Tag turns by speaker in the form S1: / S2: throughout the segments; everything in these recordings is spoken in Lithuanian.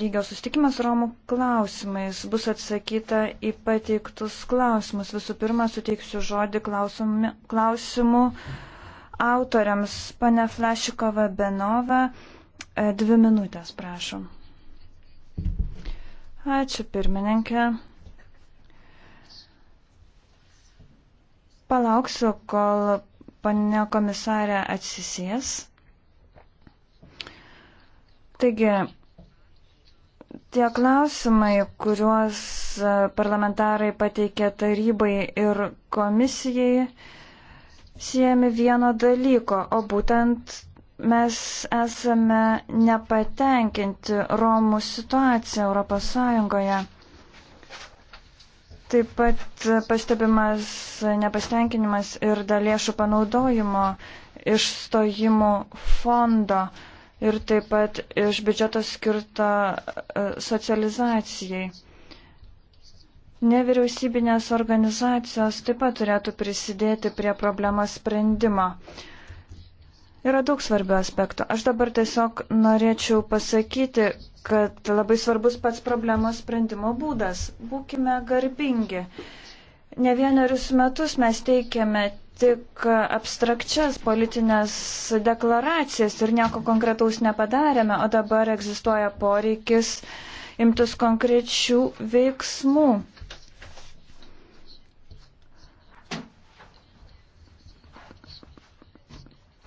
S1: lygio susitikimas Romų klausimais. Bus atsakyta į pateiktus klausimus. Visų pirma, suteiksiu žodį klausimų, klausimų autoriams. Pane Flašikova Benova, e, dvi minutės, prašom. Ačiū, pirmininkė. Palauksiu, kol pane komisarė atsisės. Taigi, Tie klausimai, kuriuos e, parlamentarai pateikė tarybai ir komisijai, siejami vieno dalyko, o būtent mes esame nepatenkinti Romų situaciją Europos Sąjungoje. Taip pat pastebimas nepastenkinimas ir dėl lėšų panaudojimo išstojimų fondo ir taip pat iš biudžeto skirta e, socializacijai. Nevyriausybinės organizacijos taip pat turėtų prisidėti prie problemos sprendimo. Yra daug svarbių aspektų. Aš dabar tiesiog norėčiau pasakyti, kad labai svarbus pats problemos sprendimo būdas. Būkime garbingi. Ne vienerius metus mes teikiame tik abstrakčias politinės deklaracijas ir nieko konkretaus nepadarėme, o dabar egzistuoja poreikis imtis konkrečių veiksmų.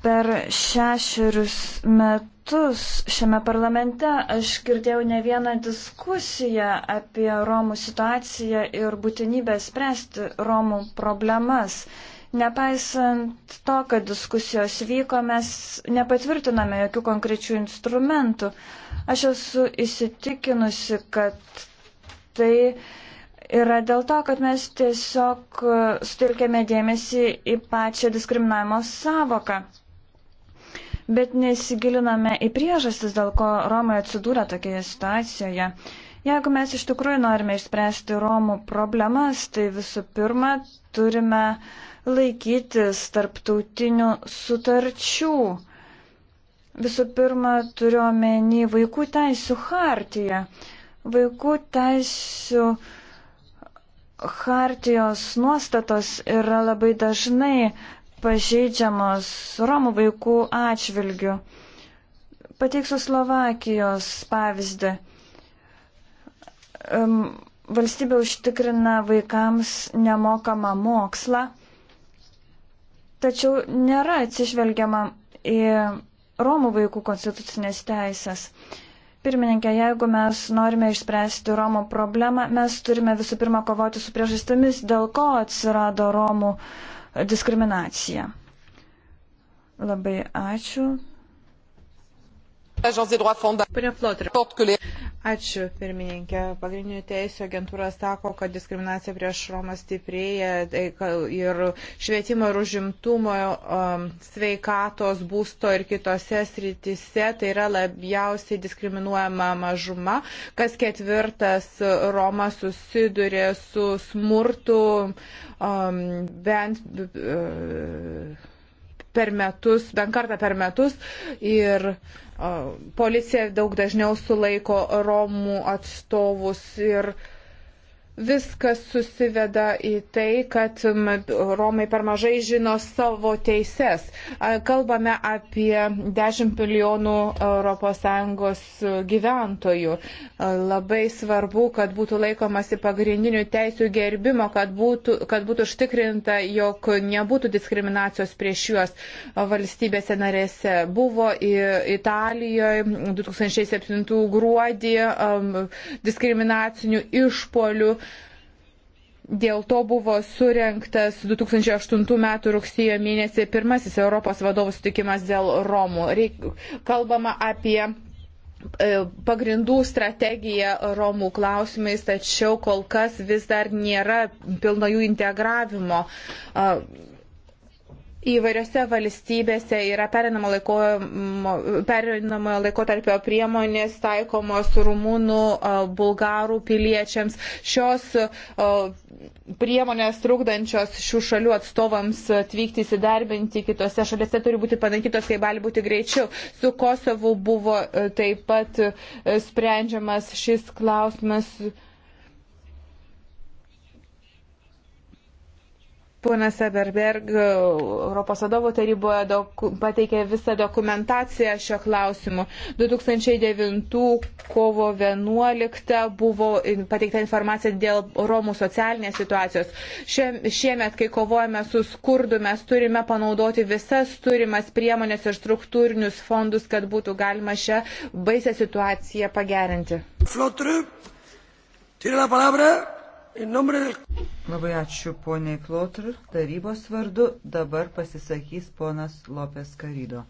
S1: Per šešerius metus šiame parlamente aš girdėjau ne vieną diskusiją apie Romų situaciją ir būtinybę spręsti Romų problemas. Nepaisant to, kad diskusijos vyko, mes nepatvirtiname jokių konkrečių instrumentų. Aš esu įsitikinusi, kad tai yra dėl to, kad mes tiesiog sutelkėme dėmesį į pačią diskriminavimo savoką, bet nesigiliname į priežastis, dėl ko Romai atsidūrė tokioje situacijoje. Jeigu mes iš tikrųjų norime išspręsti Romų problemas, tai visų pirma turime uh, laikytis tarptautinių sutarčių. Visų pirma, turiu omeny vaikų teisų hartiją. Vaikų teisų hartijos nuostatos yra labai dažnai pažeidžiamos Romų vaikų atžvilgių. Pateiksiu Slovakijos pavyzdį. Um, valstybė užtikrina vaikams nemokamą mokslą tačiau nėra atsižvelgiama į Romų vaikų konstitucinės teisės. Pirmininkė, jeigu mes norime išspręsti Romų problemą, mes turime visų pirma kovoti su priežastimis, dėl ko atsirado Romų diskriminacija. Labai ačiū.
S2: Pone Flotrė. Ačiū, pirmininkė. Pagrindinių teisų agentūra sako, kad diskriminacija prieš Romą stiprėja tai ir švietimo ir užimtumo, um, sveikatos, būsto ir kitose sritise. Tai yra labiausiai diskriminuojama mažuma. Kas ketvirtas Roma susiduria su smurtu um, bent. Uh, per metus, bent kartą per metus. Ir policija daug dažniau sulaiko Romų atstovus. Ir, uh, Viskas susiveda į tai, kad Romai per mažai žino savo teises. Kalbame apie 10 milijonų ES gyventojų. Labai svarbu, kad būtų laikomasi pagrindinių teisų gerbimo, kad būtų, kad būtų užtikrinta, jog nebūtų diskriminacijos prieš juos valstybėse narėse. Buvo Italijoje 2007 gruodį diskriminacinių išpolių Dėl to buvo surinktas 2008 m. rugsėjo mėnesį pirmasis Europos vadovų sutikimas dėl Romų. Reik, kalbama apie e, pagrindų strategija Romų klausimais, tačiau kol kas vis dar nėra pilno jų integravimo. Įvairiose valstybėse yra perinamo laiko, perinamojo laikotarpio priemonės taikomos rumūnų, bulgarų piliečiams. Šios priemonės trukdančios šių šalių atstovams atvykti įsidarbinti kitose šalise turi būti panaikytos, kai gali būti greičiau. Su Kosovu buvo taip pat sprendžiamas šis klausimas. Ponas Aberberg e, Europos vadovų taryboje doku, pateikė visą dokumentaciją šio klausimu. 2009 kovo 11 buvo pateikta informacija dėl Romų socialinės situacijos. Šiemet, kai kovojame su skurdu, mes turime panaudoti visas turimas priemonės ir struktūrinius fondus, kad būtų galima šią baisę situaciją pagerinti.
S3: Flotre, tiene la palabra. Labai ačiū poniai Flotr. Tarybos vardu dabar pasisakys ponas Lopes Karydo.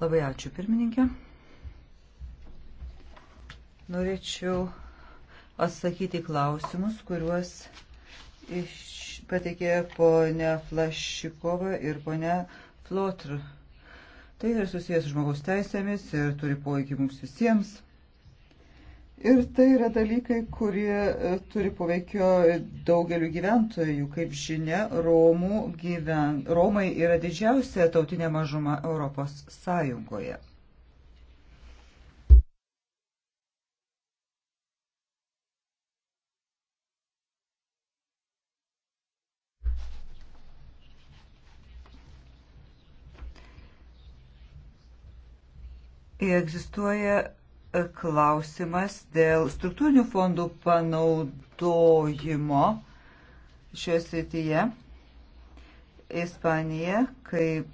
S3: Labai ačiū pirmininkė. Norėčiau atsakyti klausimus, kuriuos iš... pateikė ponia Flašikova ir ponia Flotr. Tai yra susijęs žmogaus teisėmis ir turi poveikį mums visiems. Ir tai yra dalykai, kurie e, turi poveikio daugeliu gyventojų. Kaip žinia, Romų gyven... Romai yra didžiausia tautinė mažuma Europos Sąjungoje. Egzistuoja klausimas dėl struktūrinių fondų panaudojimo šioje srityje. Ispanija, kaip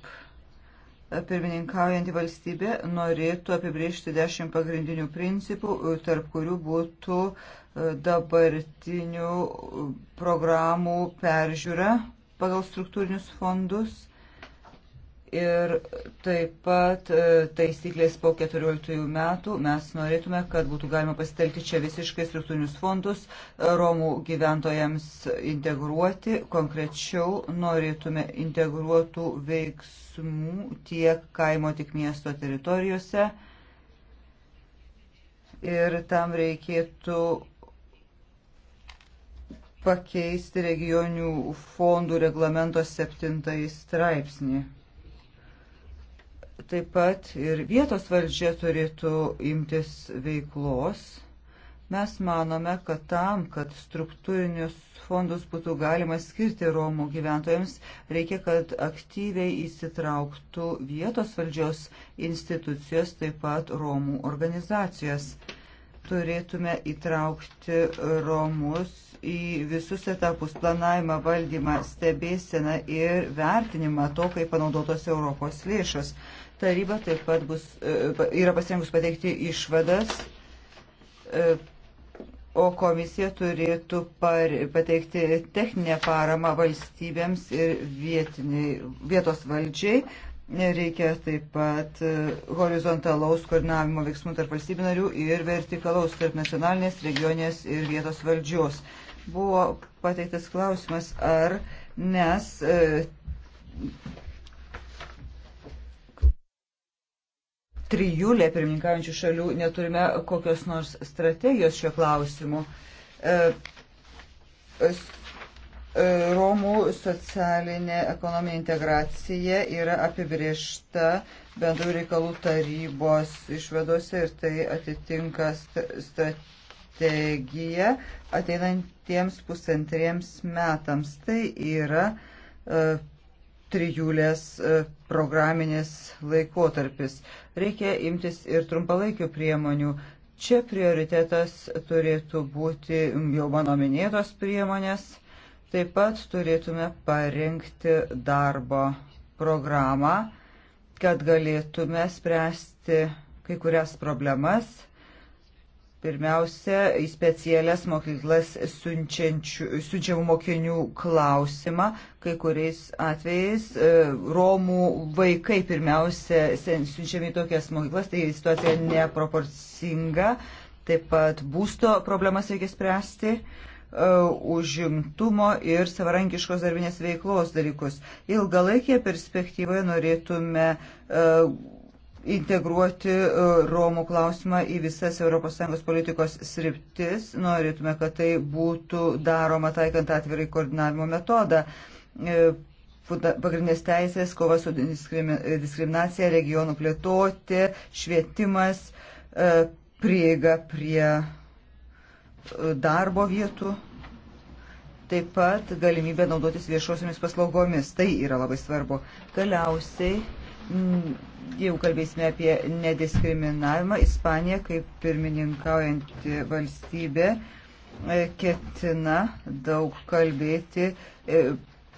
S3: pirmininkaujanti valstybė, norėtų apibriežti dešimt pagrindinių principų, tarp kurių būtų e, dabartinių programų peržiūra pagal struktūrinius fondus Ir taip pat e, taisyklės po 14 metų mes norėtume, kad būtų galima pasitelkti čia visiškai struktūrinius fondus, e, Romų gyventojams integruoti. Konkrečiau norėtume integruotų veiksmų tiek kaimo, tiek miesto teritorijose. Ir tam reikėtų pakeisti regionių fondų reglamento septintąjį straipsnį. Taip pat ir vietos valdžia turėtų imtis veiklos. Mes manome, kad tam, kad struktūrinius fondus būtų galima skirti Romų gyventojams, reikia, kad aktyviai įsitrauktų vietos valdžios institucijos, taip pat Romų organizacijos. Turėtume įtraukti Romus į visus etapus - planavimą, valdymą, stebėseną ir vertinimą to, kaip panaudotos Europos lėšos. Taryba taip pat bus, e, yra pasirengus pateikti išvadas, e, o komisija turėtų par, pateikti techninę paramą valstybėms ir vietiniai, vietos valdžiai. Reikia taip pat e, horizontalaus koordinavimo veiksmų tarp valstybių narių ir vertikalaus tarp nacionalinės, regionės ir vietos valdžios. Buvo pateiktas klausimas, ar mes e, trijulė pirmininkaujančių šalių neturime kokios nors strategijos šio klausimu. E, e, Romų socialinė ekonominė integracija yra apibriešta bendrų reikalų tarybos išvadose ir tai atitinka strategiją ateinantiems pusantriems metams. Tai yra e, trijulės e, programinis laikotarpis. Reikia imtis ir trumpalaikių priemonių. Čia prioritetas turėtų būti jau mano minėtos priemonės. Taip pat turėtume parengti darbo programą, kad galėtume spręsti kai kurias problemas Pirmiausia, į specialias mokyklas siunčiamų mokinių klausimą, kai kuriais atvejais e, Romų vaikai pirmiausia siunčiami į tokias mokyklas, tai situacija neproporcinga, taip pat būsto problemas reikia spręsti, e, užimtumo ir savarankiškos darbinės veiklos dalykus. Ilgalaikėje perspektyvoje norėtume e, integruoti e, Romų klausimą į visas ES politikos sriptis. Norėtume, kad tai būtų daroma taikant atvirai koordinavimo metodą. E, pagrindinės teisės, kova su diskriminacija, regionų plėtoti, švietimas, e, prieiga prie darbo vietų, taip pat galimybė naudotis viešosiomis paslaugomis. Tai yra labai svarbu. Galiausiai Mm, jau kalbėsime apie nediskriminavimą. Ispanija, kaip pirmininkaujanti valstybė, e, ketina daug kalbėti e,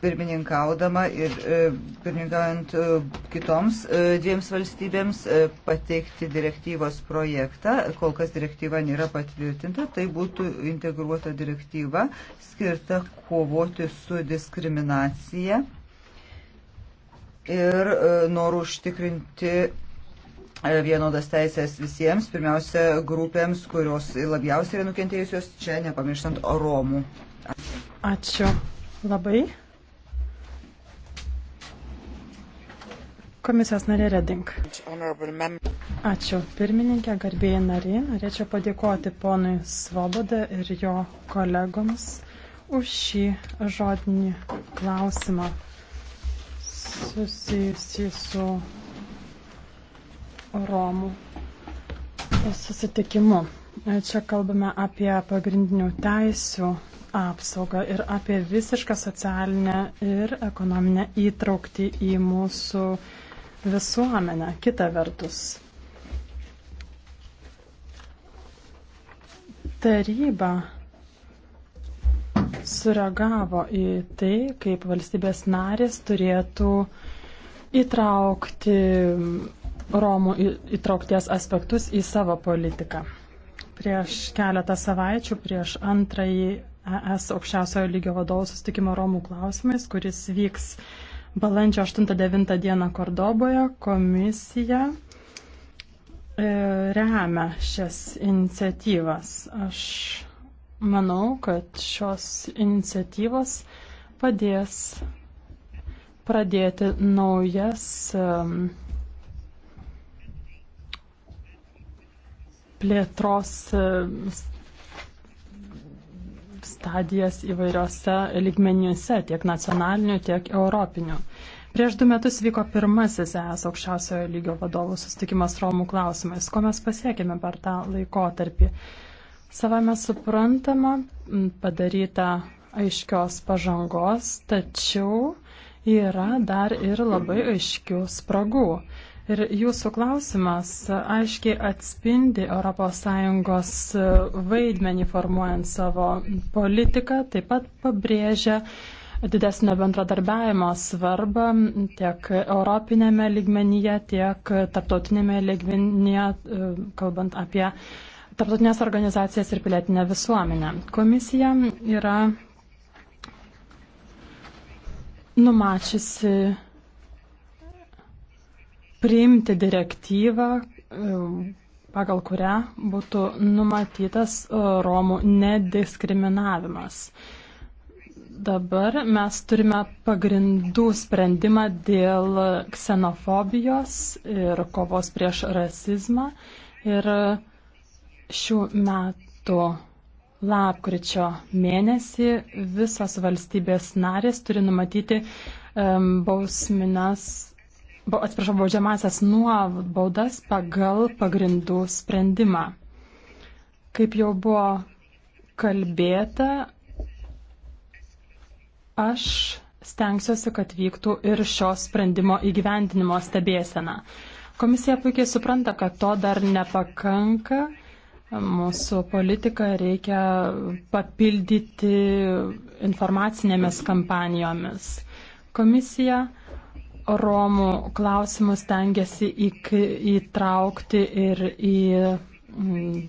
S3: pirmininkaudama ir e, pirmininkaujant kitoms dviems valstybėms pateikti direktyvos projektą. Kol kas direktyva nėra patvirtinta, tai būtų integruota direktyva skirta kovoti su diskriminacija ir e, norų užtikrinti e, vienodas teisės visiems, pirmiausia, grupėms, kurios labiausiai yra nukentėjusios, čia nepamirštant Romų. Ačiū.
S4: Ačiū labai. Komisijos narė Redink. Ačiū pirmininkė, garbėjai narė. Norėčiau padėkoti ponui Svoboda ir jo kolegoms už šį žodinį klausimą susijusi su Romų susitikimu. Čia kalbame apie pagrindinių teisių apsaugą ir apie visišką socialinę ir ekonominę įtraukti į mūsų visuomenę. Kita vertus, taryba sureagavo į tai, kaip valstybės narės turėtų įtraukti Romų įtraukties aspektus į savo politiką. Prieš keletą savaičių, prieš antrąjį ES aukščiausiojo lygio vadovų sustikimo Romų klausimais, kuris vyks balandžio 8-9 dieną Kordoboje, komisija e, remia šias iniciatyvas. Aš Manau, kad šios iniciatyvos padės pradėti naujas um, plėtros um, stadijas įvairiose lygmenyse, tiek nacionaliniu, tiek europiniu. Prieš du metus vyko pirmasis ES aukščiausiojo lygio vadovų sustikimas Romų klausimais. Ko mes pasiekėme per tą laikotarpį? Savame suprantama, padaryta aiškios pažangos, tačiau yra dar ir labai aiškių spragų. Ir jūsų klausimas aiškiai atspindi ES vaidmenį formuojant savo politiką, taip pat pabrėžia didesnio bendradarbiavimo svarbą tiek europinėme ligmenyje, tiek tarptautinėme ligmenyje, e, kalbant apie tarptautinės organizacijas ir pilietinę visuomenę. Komisija yra numačiusi priimti direktyvą, pagal kurią būtų numatytas e, Romų nediskriminavimas. Dabar mes turime pagrindų sprendimą dėl ksenofobijos ir kovos prieš rasizmą. Ir uh, šių metų lapkričio mėnesį visos valstybės narės turi numatyti um, bausminas, ba, atsiprašau, baudžiamasias nuobaudas pagal pagrindų sprendimą. Kaip jau buvo kalbėta, aš stengsiuosi, kad vyktų ir šio sprendimo įgyvendinimo stebėsena. Komisija puikiai supranta, kad to dar nepakanka Mūsų politiką reikia papildyti informacinėmis kampanijomis. Komisija Romų klausimus tengiasi įtraukti ir į mm,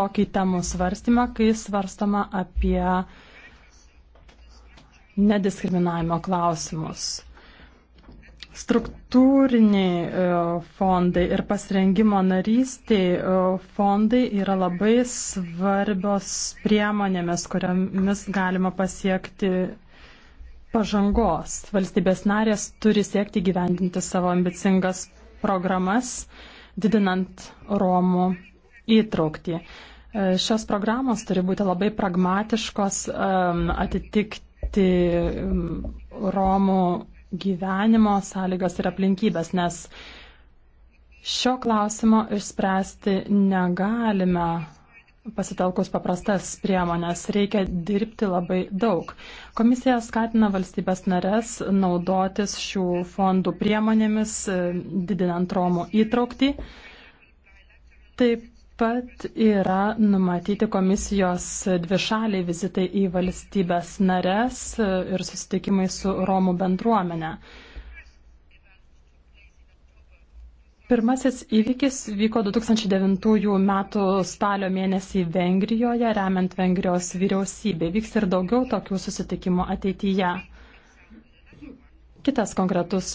S4: tokį temų svarstymą, kai svarstama apie nediskriminavimo klausimus. Struktūriniai e, fondai ir pasirengimo narystiai e, fondai yra labai svarbios priemonėmis, kuriamis galima pasiekti pažangos. Valstybės narės turi siekti gyvendinti savo ambicingas programas, didinant Romų įtraukti. E, šios programos turi būti labai pragmatiškos, atitikti Romų gyvenimo sąlygas ir aplinkybės, nes šio klausimo išspręsti negalime pasitelkus paprastas priemonės, reikia dirbti labai daug. Komisija skatina valstybės narės naudotis šių fondų priemonėmis, didinant Romų įtraukti. Taip pat yra numatyti komisijos dvišaliai vizitai į valstybės nares ir susitikimai su Romų bendruomenė. Pirmasis įvykis vyko 2009 m. spalio mėnesį Vengrijoje, remiant Vengrijos vyriausybę. Vyks ir daugiau tokių susitikimų ateityje. Kitas konkretus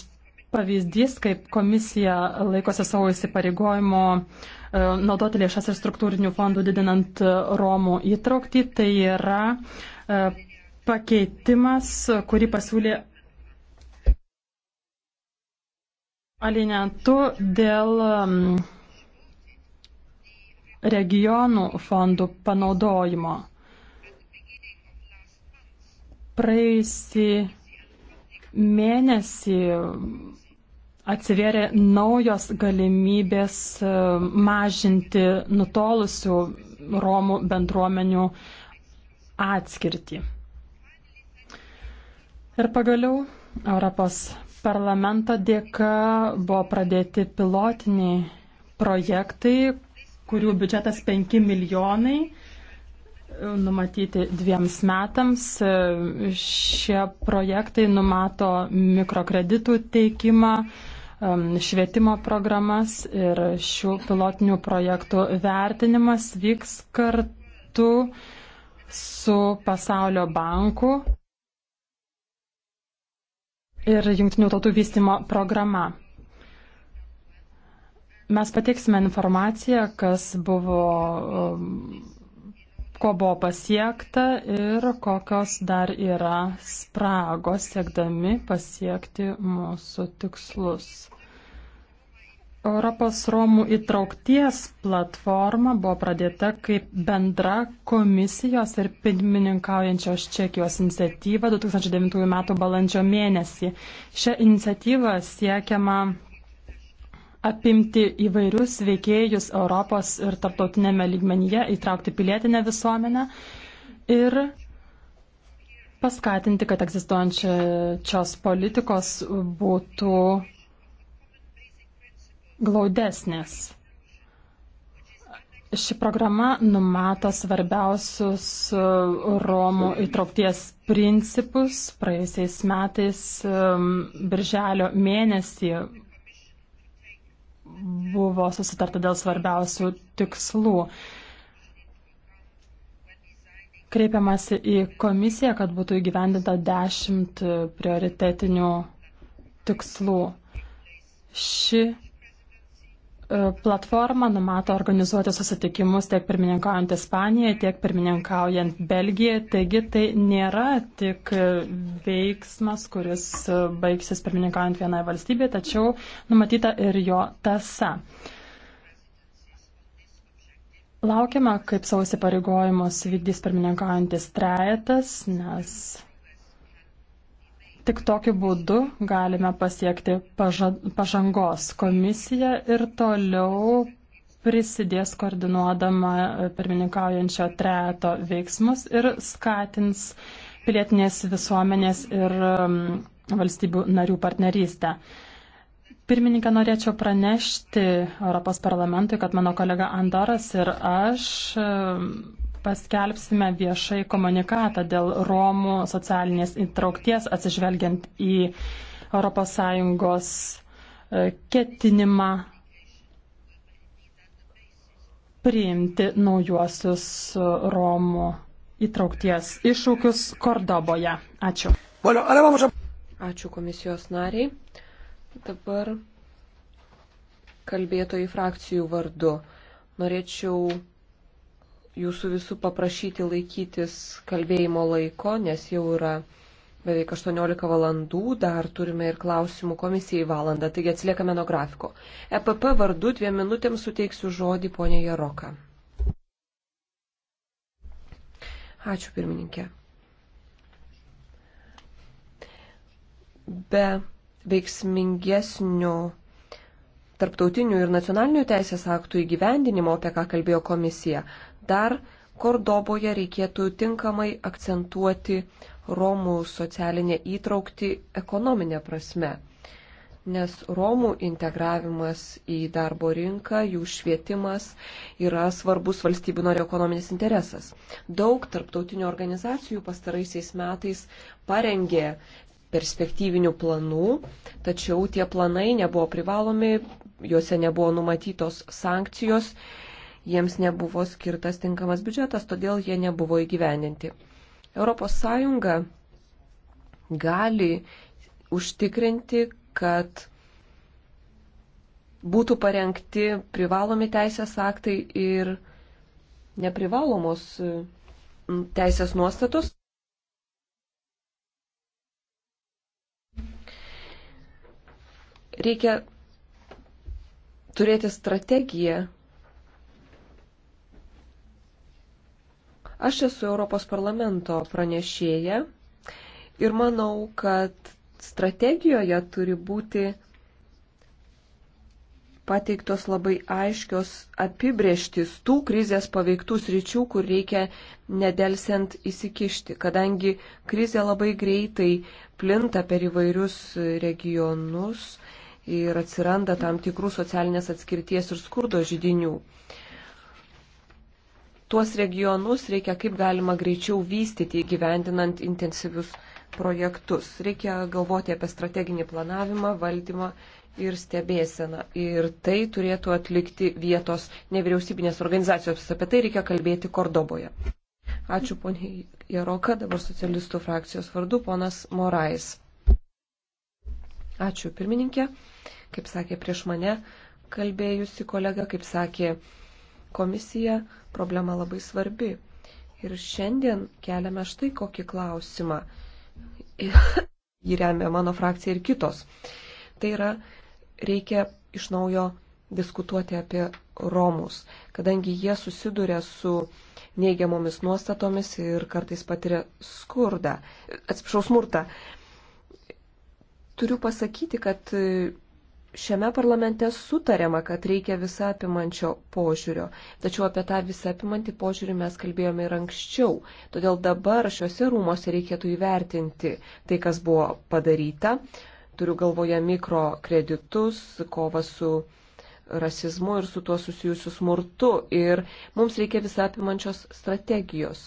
S4: pavyzdys, kaip komisija laikosi savo įsipareigojimo uh, E, naudoti lėšas ir struktūrinių fondų didinant e, Romų įtraukti. Tai yra e, pakeitimas, kurį pasiūlė alinentų dėl mm, regionų fondų panaudojimo. Praėjusį mėnesį atsivėrė naujos galimybės e, mažinti nutolusių Romų bendruomenių atskirtį. Ir pagaliau Europos parlamento dėka buvo pradėti pilotiniai projektai, kurių biudžetas 5 milijonai e, numatyti dviems metams. E, šie projektai numato mikrokreditų teikimą, Um, švietimo programas ir šių pilotinių projektų vertinimas vyks kartu su Pasaulio banku ir Junktinių tautų vystimo programa. Mes pateiksime informaciją, kas buvo, um, ko buvo pasiekta ir kokios dar yra spragos siekdami pasiekti mūsų tikslus. Europos Romų įtraukties platforma buvo pradėta kaip bendra komisijos ir pirmininkaujančios Čekijos iniciatyva 2009 m. balandžio mėnesį. Šią iniciatyvą siekiama apimti įvairius veikėjus Europos ir tarptautinėme lygmenyje, įtraukti pilietinę visuomenę ir paskatinti, kad egzistuojančios politikos būtų glaudesnės. Ši programa numato svarbiausius uh, Romų įtraukties principus. Praėjusiais metais um, birželio mėnesį buvo susitarta dėl svarbiausių tikslų. Kreipiamasi į komisiją, kad būtų įgyvendinta dešimt prioritetinių tikslų. Ši E, platforma numato organizuoti susitikimus tiek pirmininkaujant Ispanijai, tiek pirmininkaujant Belgijai. Taigi tai nėra tik veiksmas, kuris e, baigsis pirmininkaujant vienai valstybei, tačiau numatyta ir jo tasa. Laukiame, kaip savo įsipareigojimus vykdys pirmininkaujantis trejetas, nes Tik tokiu būdu galime pasiekti pažangos. Komisija ir toliau prisidės koordinuodama e, pirmininkaujančio treto veiksmus ir skatins pilietinės visuomenės ir valstybių narių partnerystę. Pirmininką norėčiau pranešti Europos parlamentui, kad mano kolega Andoras ir aš paskelbsime viešai komunikatą dėl Romų socialinės įtraukties atsižvelgiant į ES e, ketinimą priimti naujuosius Romų įtraukties iššūkius Kordoboje. Ačiū.
S5: Ačiū komisijos nariai. Dabar kalbėtojų frakcijų vardu. Norėčiau jūsų visų paprašyti laikytis kalbėjimo laiko, nes jau yra beveik 18 valandų, dar turime ir klausimų komisijai valandą, taigi atsiliekame nuo grafiko. EPP vardu dviem minutėms suteiksiu žodį ponė Jaroka. Ačiū pirmininkė. Be veiksmingesnio tarptautinių ir nacionalinių teisės aktų įgyvendinimo, apie ką kalbėjo komisija, dar Kordoboje reikėtų tinkamai akcentuoti Romų socialinę įtraukti ekonominė prasme, nes Romų integravimas į darbo rinką, jų švietimas yra svarbus valstybių norių ekonominis interesas. Daug tarptautinių organizacijų pastaraisiais metais parengė perspektyvinių planų, tačiau tie planai nebuvo privalomi, juose nebuvo numatytos sankcijos jiems nebuvo skirtas tinkamas biudžetas, todėl jie nebuvo įgyveninti. ES gali užtikrinti, kad būtų parengti privalomi teisės aktai ir neprivalomos teisės nuostatos. Reikia turėti strategiją Aš esu Europos parlamento pranešėja ir manau, kad strategijoje turi būti pateiktos labai aiškios apibrieštis tų krizės paveiktų sričių, kur reikia nedelsiant įsikišti, kadangi krizė labai greitai plinta per įvairius regionus ir atsiranda tam tikrų socialinės atskirties ir skurdo žydinių tuos regionus reikia kaip galima greičiau vystyti, gyvendinant intensyvius projektus. Reikia galvoti apie strateginį planavimą, valdymą ir stebėseną. Ir tai turėtų atlikti vietos nevyriausybinės organizacijos. Apie tai reikia kalbėti Kordoboje. Ačiū poniai Jaroka, dabar socialistų frakcijos vardu ponas Morais. Ačiū pirmininkė, kaip sakė prieš mane kalbėjusi kolega, kaip sakė komisiją problema labai svarbi. Ir šiandien keliame štai kokį klausimą. Jį remia mano frakcija ir kitos. Tai yra, reikia iš naujo diskutuoti apie Romus, kadangi jie susiduria su neigiamomis nuostatomis ir kartais patiria skurdą, atsiprašau, smurtą. Turiu pasakyti, kad šiame parlamente sutarėma, kad reikia visapimančio požiūrio. Tačiau apie tą visapimantį požiūrį mes kalbėjome ir anksčiau. Todėl dabar šiuose rūmose reikėtų įvertinti tai, kas buvo padaryta. Turiu galvoje mikrokreditus, kovą su rasizmu ir su tuo susijusiu smurtu. Ir mums reikia visapimančios strategijos,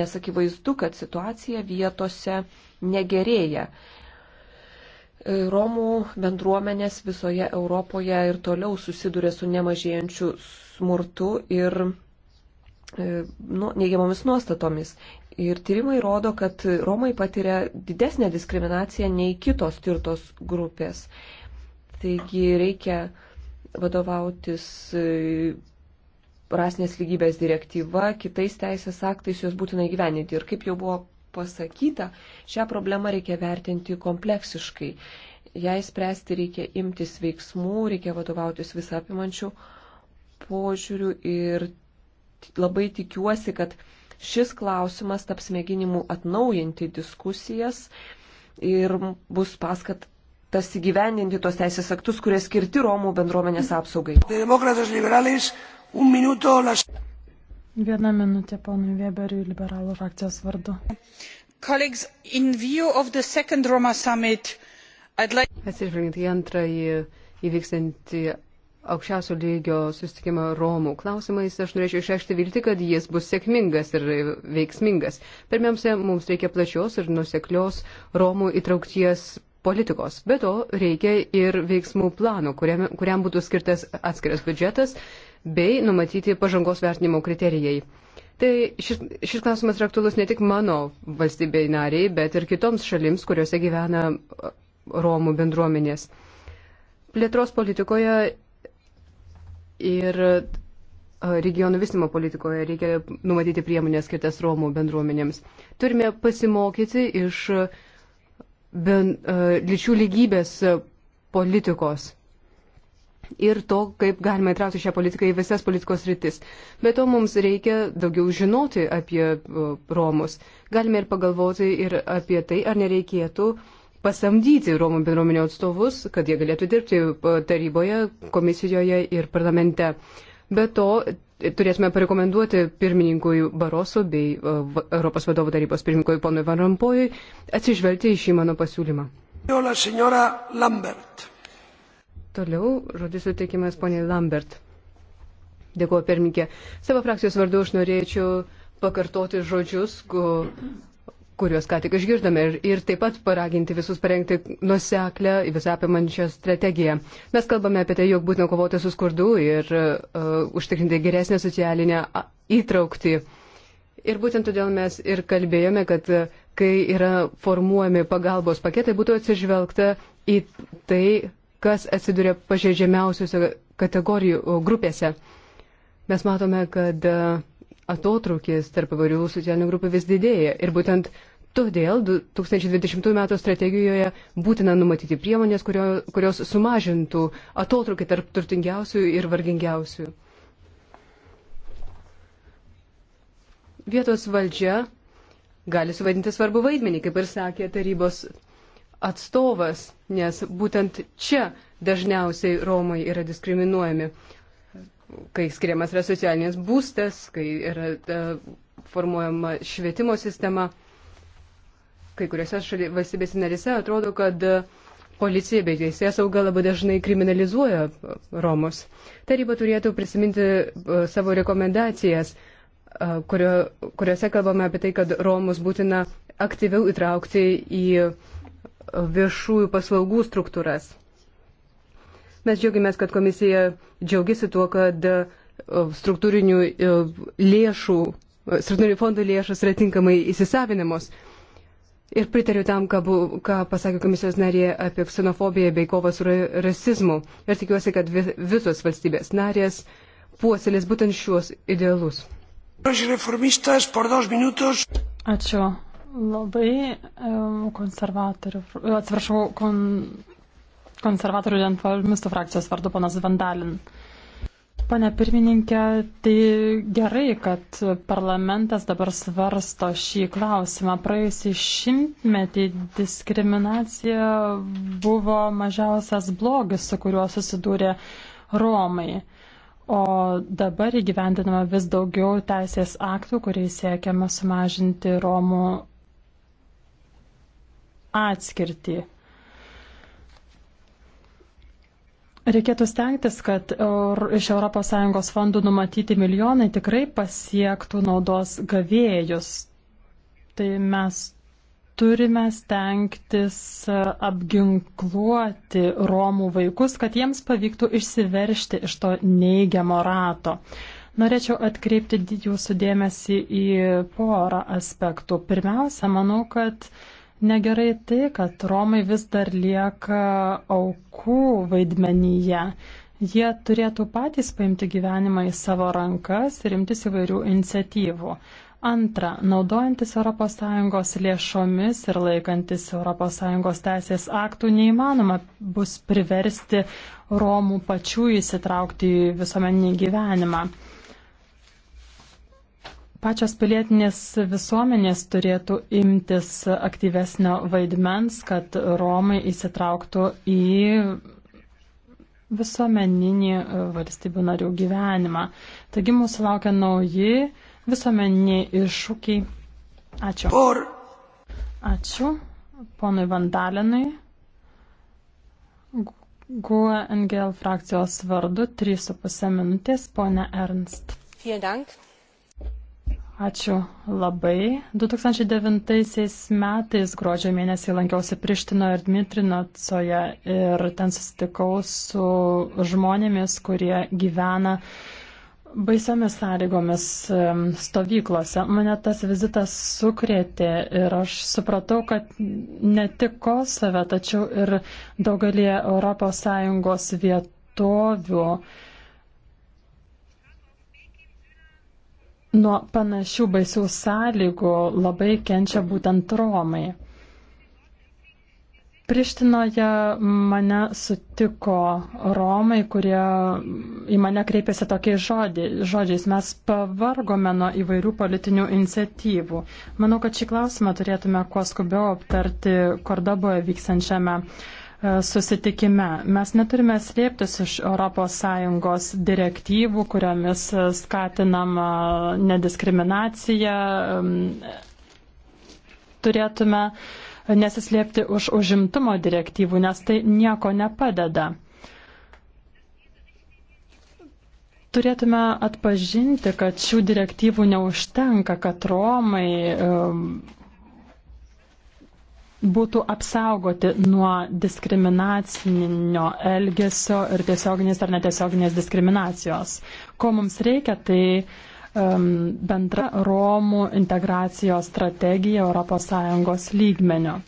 S5: nes akivaizdu, kad situacija vietose negerėja. Romų bendruomenės visoje Europoje ir toliau susiduria su nemažėjančiu smurtu ir e, nu, neigiamomis nuostatomis. Ir tyrimai rodo, kad Romai patiria didesnę diskriminaciją nei kitos tirtos grupės. Taigi reikia vadovautis e, rasinės lygybės direktyva, kitais teisės aktais jos būtinai gyveninti. Ir kaip jau buvo pasakyta, šią problemą reikia vertinti kompleksiškai. Jei spręsti reikia imtis veiksmų, reikia vadovautis visapimančių požiūrių ir labai tikiuosi, kad šis klausimas taps mėginimu atnaujinti diskusijas ir bus paskat tas įgyvendinti tos teisės aktus, kurie skirti Romų bendruomenės apsaugai. Demokratas
S3: liberalais, un minuto las.
S4: Viena minutė ponui Weberiui liberalų frakcijos vardu.
S2: Colleagues, in view of the second Roma summit,
S6: I'd like... Atsižvelgiant į antrąjį įvyksantį aukščiausio lygio susitikimą Romų klausimais, aš norėčiau išreikšti vilti, kad jis bus sėkmingas ir veiksmingas. Pirmiausia, mums reikia plačios ir nuseklios Romų įtraukties politikos. Be to reikia ir veiksmų plano, kuriam, kuriam būtų skirtas atskiras biudžetas bei numatyti pažangos vertinimo kriterijai. Tai šis, šis klausimas yra aktuolus ne tik mano valstybei nariai, bet ir kitoms šalims, kuriuose gyvena Romų bendruomenės. Plėtros politikoje ir regionų vystimo politikoje reikia numatyti priemonės skirtas Romų bendruomenėms. Turime pasimokyti iš ben, lyčių lygybės politikos ir to, kaip galima įtraukti šią politiką į visas politikos rytis. Be to mums reikia daugiau žinoti apie Romus. Galime ir pagalvoti ir apie tai, ar nereikėtų pasamdyti Romų bendruomenio atstovus, kad jie galėtų dirbti taryboje, komisijoje ir parlamente. Be to, turėsime parekomenduoti pirmininkui Baroso bei Europos vadovų tarybos pirmininkui ponui Van Rompojui atsižvelgti į šį mano pasiūlymą. Hola, Toliau žodis suteikimas poniai Lambert. Dėkuoju, pirmininkė. Savo frakcijos vardu aš norėčiau pakartoti žodžius, kuriuos ką tik išgirdome ir, ir taip pat paraginti visus parengti nuseklę visą apimančią strategiją. Mes kalbame apie tai, jog būtina kovoti su skurdu ir uh, užtikrinti geresnę socialinę įtraukti. Ir būtent todėl mes ir kalbėjome, kad uh, kai yra formuojami pagalbos paketai, būtų atsižvelgta į tai, kas atsiduria pažeidžiamiausiuose kategorijų grupėse. Mes matome, kad e, atotrukis tarp įvairių socialinių grupių vis didėja ir būtent Todėl 2020 m. strategijoje būtina numatyti priemonės, kurio, kurios sumažintų atotrukį tarp turtingiausių ir vargingiausių. Vietos valdžia gali suvaidinti svarbu vaidmenį, kaip ir sakė tarybos atstovas, nes būtent čia dažniausiai Romai yra diskriminuojami, kai skiriamas yra socialinis būstas, kai yra ta, e, formuojama švietimo sistema. Kai kuriuose šali, valstybės narise atrodo, kad e, policija bei teisės sauga labai dažnai kriminalizuoja e, Romus. Taryba turėtų prisiminti savo rekomendacijas, kurio, kuriuose kalbame apie tai, kad Romus būtina aktyviau įtraukti į viešųjų paslaugų struktūras. Mes džiaugiamės, kad komisija džiaugiasi tuo, kad e, struktūrinių e, lėšų, struktūrinių fondų lėšos yra tinkamai įsisavinamos. Ir pritariu tam, ką, bu, ką pasakė komisijos narė apie ksenofobiją bei kovą su rasizmu. Ir tikiuosi, kad vis, visos valstybės narės puoselės būtent šiuos idealus.
S4: Ačiū labai konservatorių, atsiprašau, kon, konservatorių dienformistų frakcijos vardu panas Vandalin. Pane pirmininkė, tai gerai, kad parlamentas dabar svarsto šį klausimą. Praėjusį šimtmetį diskriminacija buvo mažiausias blogis, su kuriuo susidūrė Romai. O dabar įgyvendinama vis daugiau teisės aktų, kuriais siekiama sumažinti Romų atskirtį. Reikėtų stengtis, kad iš ES fondų numatyti milijonai tikrai pasiektų naudos gavėjus. Tai mes turime stengtis apginkluoti Romų vaikus, kad jiems pavyktų išsiveršti iš to neigiamo rato. Norėčiau atkreipti jūsų dėmesį į porą aspektų. Pirmiausia, manau, kad uh, Negerai tai, kad Romai vis dar lieka aukų vaidmenyje. Jie turėtų patys paimti gyvenimą į savo rankas ir imtis įvairių iniciatyvų. Antra, naudojantis ES lėšomis ir laikantis ES teisės aktų neįmanoma bus priversti Romų pačių įsitraukti į visuomeninį gyvenimą pačios pilietinės visuomenės turėtų imtis aktyvesnio vaidmens, kad Romai įsitrauktų į visuomeninį valstybių narių gyvenimą. Taigi mūsų laukia nauji visuomeniniai iššūkiai. Ačiū. Por. Ačiū ponui Vandalinui. GUE NGL frakcijos vardu 3,5 minutės, ponė Ernst. Vielen Dank. Ačiū labai. 2009 metais gruodžio mėnesį lankiausi Prištino ir Dmitrinocoje ir ten susitikau su žmonėmis, kurie gyvena baisiomis sąlygomis stovyklose. Mane tas vizitas sukrėtė ir aš supratau, kad ne tik Kosove, tačiau ir daugelie ES vietovių Nuo panašių baisių sąlygų labai kenčia būtent Romai. Prištinoje mane sutiko Romai, kurie į mane kreipėsi tokiais žodžiais. Mes pavargome nuo įvairių politinių iniciatyvų. Manau, kad šį klausimą turėtume kuo skubiau aptarti Kordoboje vyksančiame uh, E, susitikime. Mes neturime slėptis iš ES direktyvų, kuriomis skatinama nediskriminacija. E, turėtume nesislėpti už užimtumo direktyvų, nes tai nieko nepadeda. Turėtume atpažinti, kad šių direktyvų neužtenka, kad Romai, e, būtų apsaugoti nuo diskriminacinio elgesio ir tiesioginės ar netiesioginės diskriminacijos. Ko mums reikia, tai um, bendra Romų integracijos strategija ES lygmeniu.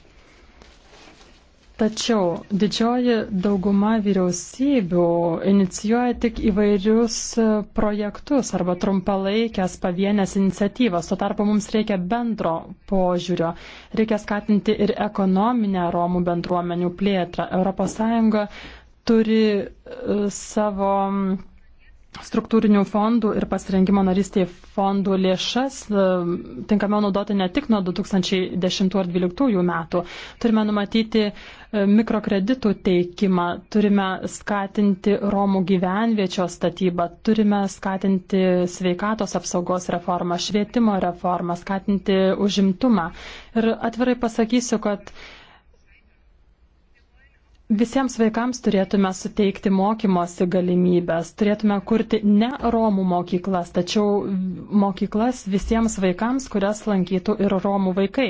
S4: Tačiau didžioji dauguma vyriausybių inicijuoja tik įvairius e, projektus arba trumpalaikės pavienės iniciatyvas. Tuo tarpu mums reikia bendro požiūrio. Reikia skatinti ir ekonominę Romų bendruomenių plėtrą. ES turi e, savo struktūrinių fondų ir pasirengimo narystėje fondų lėšas e, tinkamiau naudoti ne tik nuo 2010 ar 2012 metų. Turime numatyti e, mikrokreditų teikimą, turime skatinti Romų gyvenviečio statybą, turime skatinti sveikatos apsaugos reformą, švietimo reformą, skatinti užimtumą. Ir atvirai pasakysiu, kad Visiems vaikams turėtume suteikti mokymosi galimybės, turėtume kurti ne Romų mokyklas, tačiau mokyklas visiems vaikams, kurias lankytų ir Romų vaikai.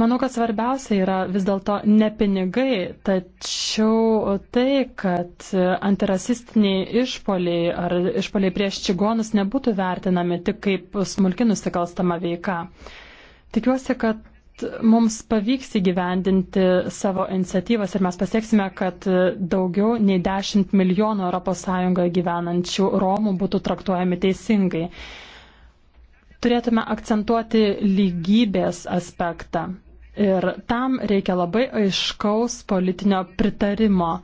S4: Manau, kad svarbiausia yra vis dėlto ne pinigai, tačiau tai, kad antirasistiniai išpoliai ar išpoliai prieš čigonus nebūtų vertinami tik kaip smulki nusikalstama veika. Tikiuosi, kad mums pavyks įgyvendinti savo iniciatyvas ir mes pasieksime, kad daugiau nei 10 milijonų ES gyvenančių Romų būtų traktuojami teisingai. Turėtume akcentuoti lygybės aspektą ir tam reikia labai aiškaus politinio pritarimo.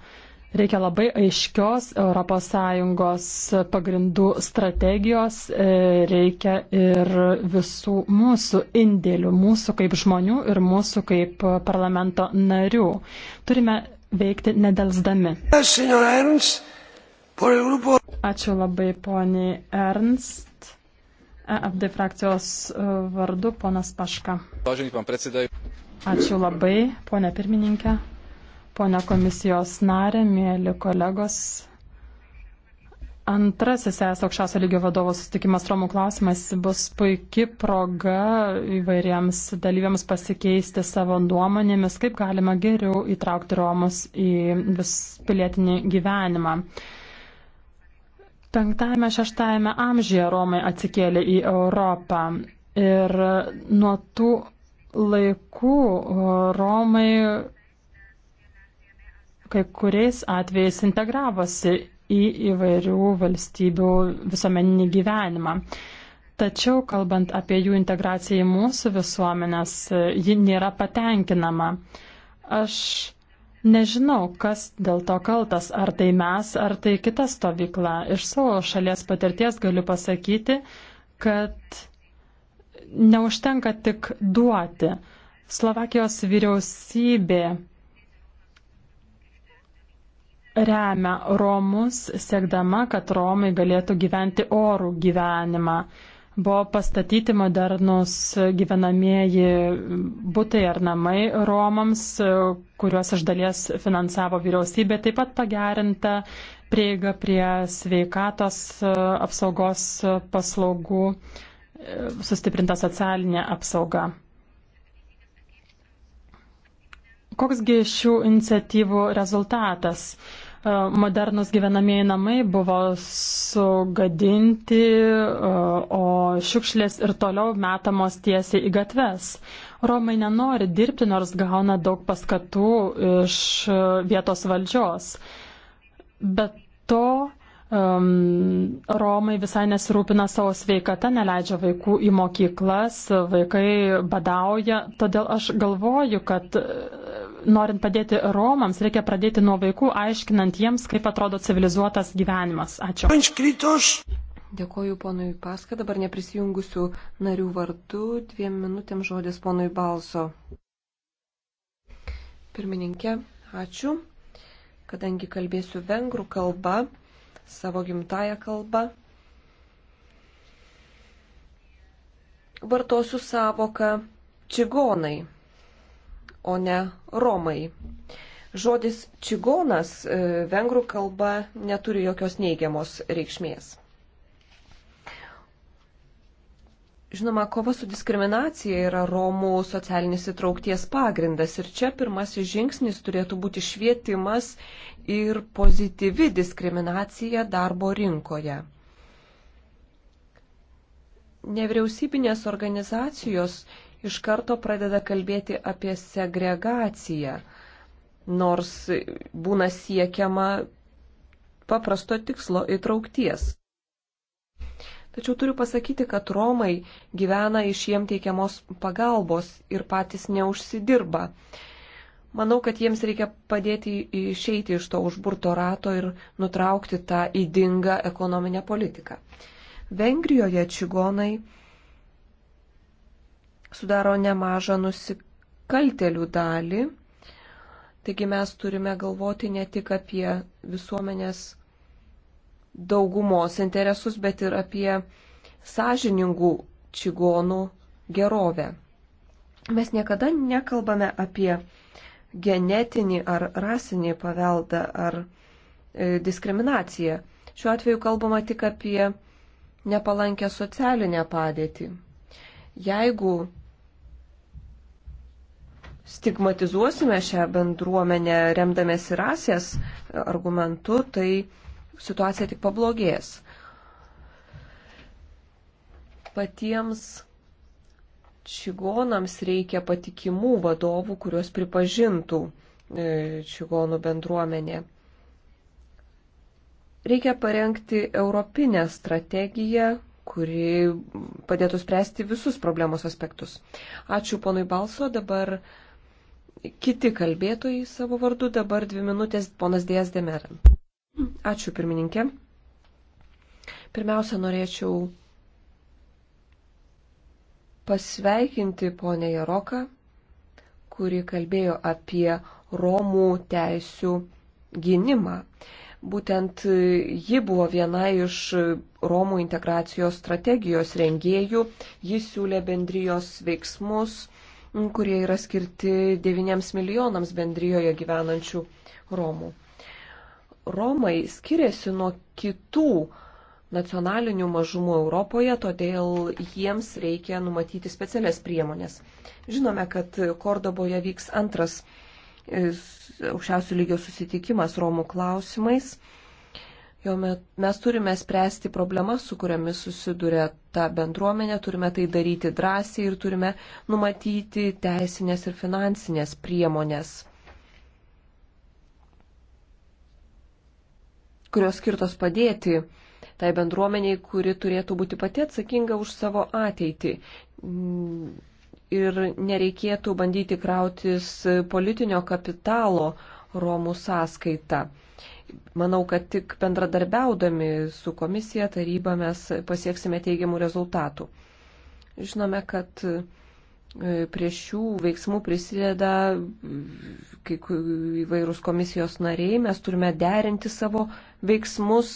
S4: Reikia labai aiškios ES pagrindų strategijos, e, reikia ir visų mūsų indėlių, mūsų kaip žmonių ir mūsų kaip parlamento narių. Turime veikti nedelsdami. Ačiū labai poniai Ernst. EFD frakcijos e, vardu ponas Paška. Ačiū labai, ponė pirmininkė. Pone komisijos narė, mėly kolegos, Antrasis ES aukščiausio lygio vadovo susitikimas Romų klausimas bus puikia proga įvairiems dalyviams pasikeisti savo nuomonėmis, kaip galima geriau įtraukti Romus į vis pilietinį gyvenimą. Penktame, šeštame amžiuje Romai atsikėlė į Europą ir nuo tų laikų Romai kai kuriais atvejais integravosi į įvairių valstybių visuomeninį gyvenimą. Tačiau, kalbant apie jų integraciją į mūsų visuomenės, ji nėra patenkinama. Aš nežinau, kas dėl to kaltas, ar tai mes, ar tai kita stovykla. Iš savo šalies patirties galiu pasakyti, kad neužtenka tik duoti. Slovakijos vyriausybė remia Romus, siekdama, kad Romai galėtų gyventi orų gyvenimą. Buvo pastatyti modernus gyvenamieji būtai ar namai Romams, kuriuos iš dalies finansavo vyriausybė, taip pat pagerinta prieiga prie sveikatos apsaugos paslaugų, sustiprinta socialinė apsauga. Koksgi šių iniciatyvų rezultatas? E, modernus gyvenamieji namai buvo sugadinti, e, o šiukšlės ir toliau metamos tiesiai į gatves. Romai nenori dirbti, nors gauna daug paskatų iš e, vietos valdžios. Bet to um, Romai visai nesirūpina savo sveikata, neleidžia vaikų į mokyklas, vaikai badauja. Todėl aš galvoju, kad norint padėti Romams, reikia pradėti nuo vaikų, aiškinant jiems, kaip atrodo civilizuotas gyvenimas. Ačiū.
S5: Dėkoju ponui Paska, dabar neprisijungusių narių vardu, dviem minutėm žodis ponui Balso. Pirmininkė, ačiū, kadangi kalbėsiu vengrų kalba, savo gimtają kalbą. Vartosiu savoką čigonai o ne Romai. Žodis čigonas e, vengrų kalba neturi jokios neigiamos reikšmės. Žinoma, kova su diskriminacija yra Romų socialinis įtraukties pagrindas ir čia pirmasis žingsnis turėtų būti švietimas ir pozityvi diskriminacija darbo rinkoje nevyriausybinės organizacijos iš karto pradeda kalbėti apie segregaciją, nors būna siekiama paprasto tikslo įtraukties. Tačiau turiu pasakyti, kad Romai gyvena iš jiem teikiamos pagalbos ir patys neužsidirba. Manau, kad jiems reikia padėti išeiti iš to užburto rato ir nutraukti tą įdingą ekonominę politiką. Vengrijoje čigonai sudaro nemažą nusikaltelių dalį. Taigi mes turime galvoti ne tik apie visuomenės daugumos interesus, bet ir apie sąžiningų čigonų gerovę. Mes niekada nekalbame apie genetinį ar rasinį paveldą ar e, diskriminaciją. Šiuo atveju kalbama tik apie nepalankę socialinę padėtį. Jeigu stigmatizuosime šią bendruomenę remdamėsi rasės argumentu, tai situacija tik pablogės. Patiems čigonams reikia patikimų vadovų, kuriuos pripažintų e, čigonų bendruomenė. Reikia parengti europinę strategiją, kuri padėtų spręsti visus problemos aspektus. Ačiū ponui Balso, dabar Kiti kalbėtojai savo vardu dabar dvi minutės ponas Dijas Demera. Ačiū pirmininkė. Pirmiausia, norėčiau pasveikinti ponę Jaroką, kuri kalbėjo apie Romų teisių gynimą. Būtent ji buvo viena iš Romų integracijos strategijos rengėjų, ji siūlė bendrijos veiksmus kurie yra skirti 9 milijonams bendrijoje gyvenančių Romų. Romai skiriasi nuo kitų nacionalinių mažumų Europoje, todėl jiems reikia numatyti specialias priemonės. Žinome, kad Kordoboje vyks antras e, aukščiausių lygio susitikimas Romų klausimais. Jo mes turime spręsti problemas, su kuriamis susiduria ta bendruomenė, turime tai daryti drąsiai ir turime numatyti teisinės ir finansinės priemonės, kurios skirtos padėti tai bendruomeniai, kuri turėtų būti pati atsakinga už savo ateitį. Ir nereikėtų bandyti krautis politinio kapitalo Romų sąskaita. Manau, kad tik bendradarbiaudami su komisija taryba mes pasieksime teigiamų rezultatų. Žinome, kad e, prie šių veiksmų prisideda įvairūs komisijos nariai, mes turime derinti savo veiksmus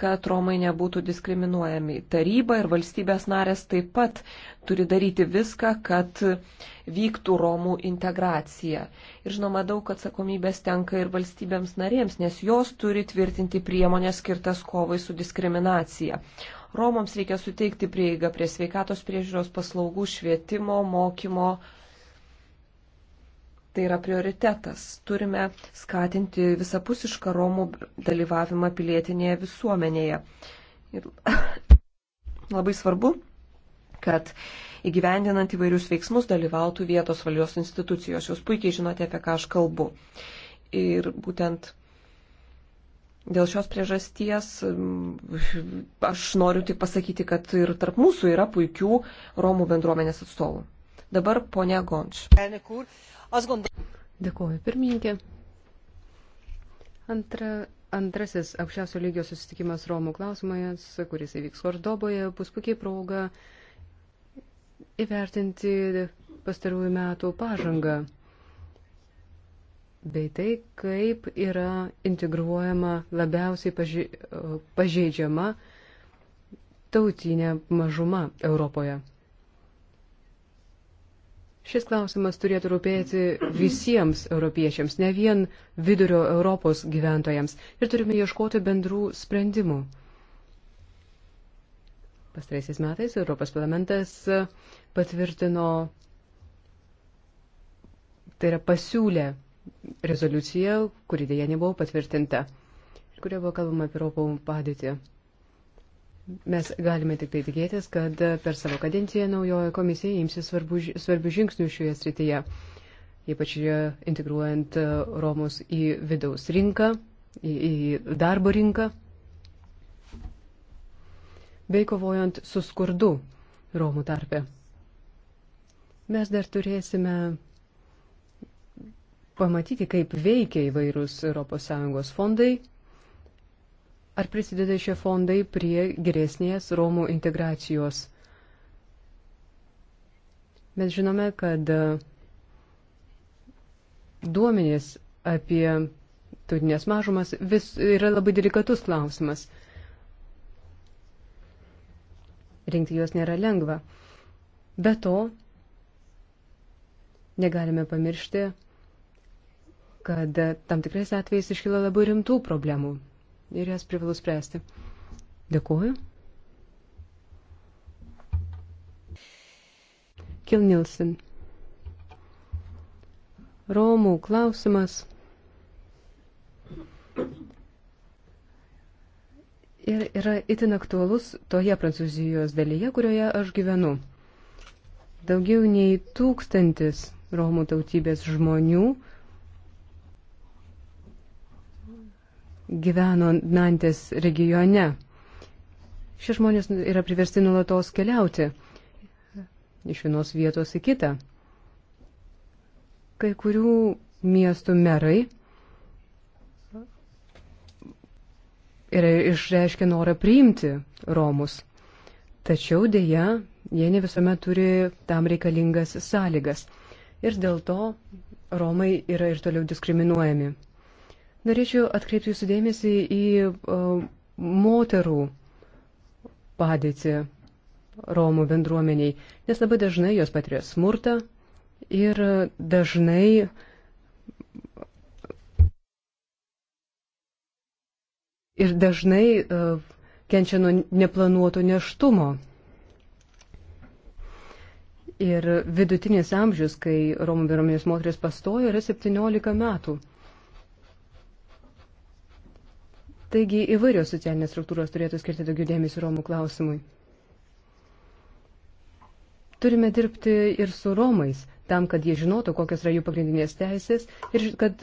S5: kad Romai nebūtų diskriminuojami. Taryba ir valstybės narės taip pat turi daryti viską, kad vyktų Romų integracija. Ir žinoma, daug atsakomybės tenka ir valstybėms narėms, nes jos turi tvirtinti priemonės skirtas kovai su diskriminacija. Romams reikia suteikti prieigą prie sveikatos priežiūros paslaugų, švietimo, mokymo, tai yra prioritetas. Turime skatinti visapusišką Romų dalyvavimą pilietinėje visuomenėje. Ir labai svarbu, kad įgyvendinant įvairius veiksmus dalyvautų vietos valios institucijos. Jūs puikiai žinote, apie ką aš kalbu. Ir būtent dėl šios priežasties mm, aš noriu tik pasakyti, kad ir tarp mūsų yra puikių Romų bendruomenės atstovų.
S6: Dabar ponia Gonč. Dėkuoju, pirmininkė. Antra, antrasis aukščiausio lygio susitikimas Romų klausimais, kuris įvyks Kordoboje, bus puikiai proga įvertinti pastarųjų metų pažangą bei tai, kaip yra integruojama labiausiai paži pažeidžiama tautinė mažuma Europoje. Šis klausimas turėtų rūpėti visiems europiečiams, ne vien vidurio Europos gyventojams ir turime ieškoti bendrų sprendimų. Pastaraisiais metais Europos parlamentas patvirtino, tai yra pasiūlė rezoliuciją, kuri dėja nebuvo patvirtinta, kurioje buvo kalbama apie Europų padėtį. Mes galime tik tai tikėtis, kad per savo kadenciją naujojo komisija imsis svarbių žingsnių šioje srityje, ypač e, integruojant e, Romus į vidaus rinką, į, į darbo rinką, bei kovojant su skurdu Romų tarpe. Mes dar turėsime pamatyti, kaip veikia įvairūs ES fondai Ar prisideda šie fondai prie geresnės Romų integracijos? Mes žinome, kad e, duomenys apie tautinės mažumas vis yra labai delikatus klausimas. Rinkti juos nėra lengva. Be to, negalime pamiršti, kad e, tam tikrais atvejais iškyla labai rimtų problemų ir jas privalu spręsti. Dėkuoju. Kil Nilsen. Romų klausimas. Ir yra itin aktualus toje Prancūzijos dalyje, kurioje aš gyvenu. Daugiau nei tūkstantis Romų tautybės žmonių gyveno Nantės regione. Šie žmonės yra priversti nulatos keliauti iš vienos vietos į kitą. Kai kurių miestų merai yra išreiškę norą priimti Romus, tačiau dėja jie ne visuomet turi tam reikalingas sąlygas ir dėl to Romai yra ir toliau diskriminuojami. Norėčiau atkreipti jūsų dėmesį į uh, moterų padėtį Romų bendruomeniai, nes labai dažnai jos patiria smurtą ir dažnai ir dažnai uh, kenčia nuo neplanuoto neštumo. Ir vidutinis amžius, kai Romų bendruomenės moteris pastoja, yra 17 metų. Taigi įvairios socialinės struktūros turėtų skirti daugiau dėmesio Romų klausimui. Turime dirbti ir su Romais, tam, kad jie žinotų, kokios yra jų pagrindinės teisės ir kad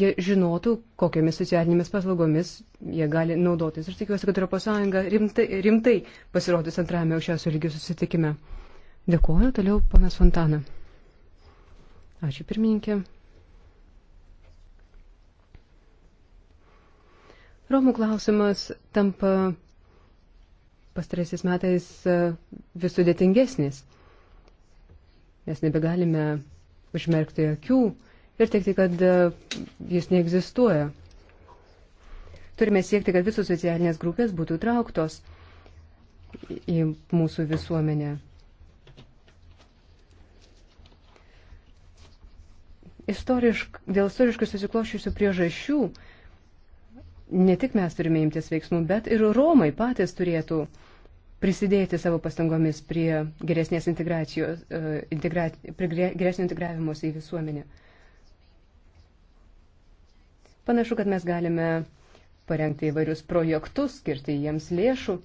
S6: jie žinotų, kokiamis socialinėmis paslaugomis jie gali naudotis. Aš tikiuosi, kad Europos Sąjunga rimtai, rimtai pasirodys antrajame aukščiausio lygio susitikime. Dėkuoju, toliau ponas Fontana. Ačiū pirmininkė. Romų klausimas tampa pastaraisiais metais e, vis sudėtingesnis. Mes nebegalime užmerkti akių ir teikti, kad e, jis neegzistuoja. Turime siekti, kad visos socialinės grupės būtų trauktos į mūsų visuomenę. Istorišk, dėl istoriškai susikloščiusių priežasčių ne tik mes turime imtis veiksmų, bet ir Romai patys turėtų prisidėti savo pastangomis prie geresnės integracijos, e, integra, prie geresnio integravimos į visuomenę. Panašu, kad mes galime parengti įvairius projektus, skirti jiems lėšų,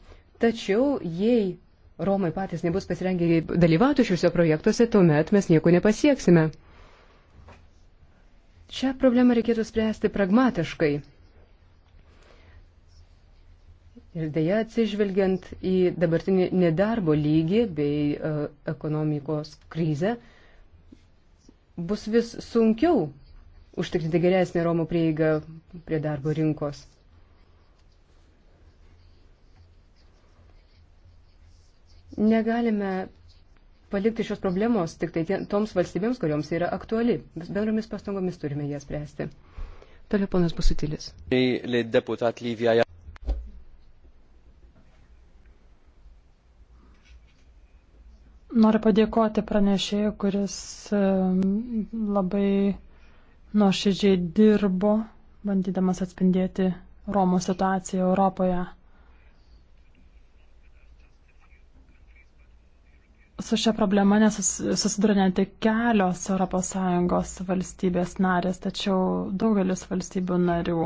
S6: tačiau jei Romai patys nebus pasirengę dalyvauti šiuose projektuose, tuomet mes nieko nepasieksime. Šią problemą reikėtų spręsti pragmatiškai Ir dėja atsižvelgiant į dabartinį nedarbo lygį bei uh, ekonomikos krizę, bus vis sunkiau užtikrinti geresnį Romų prieigą prie darbo rinkos. Negalime palikti šios problemos tik tai toms valstybėms, kurioms yra aktuali. Bendromis pastangomis turime jas spręsti. Toliau ponas Pusutilis.
S4: Noriu padėkoti pranešėjui, kuris labai nuoširdžiai dirbo, bandydamas atspindėti Romų situaciją Europoje. Su šia problema nesusiduria ne tik kelios ES valstybės narės, tačiau daugelis valstybių narių.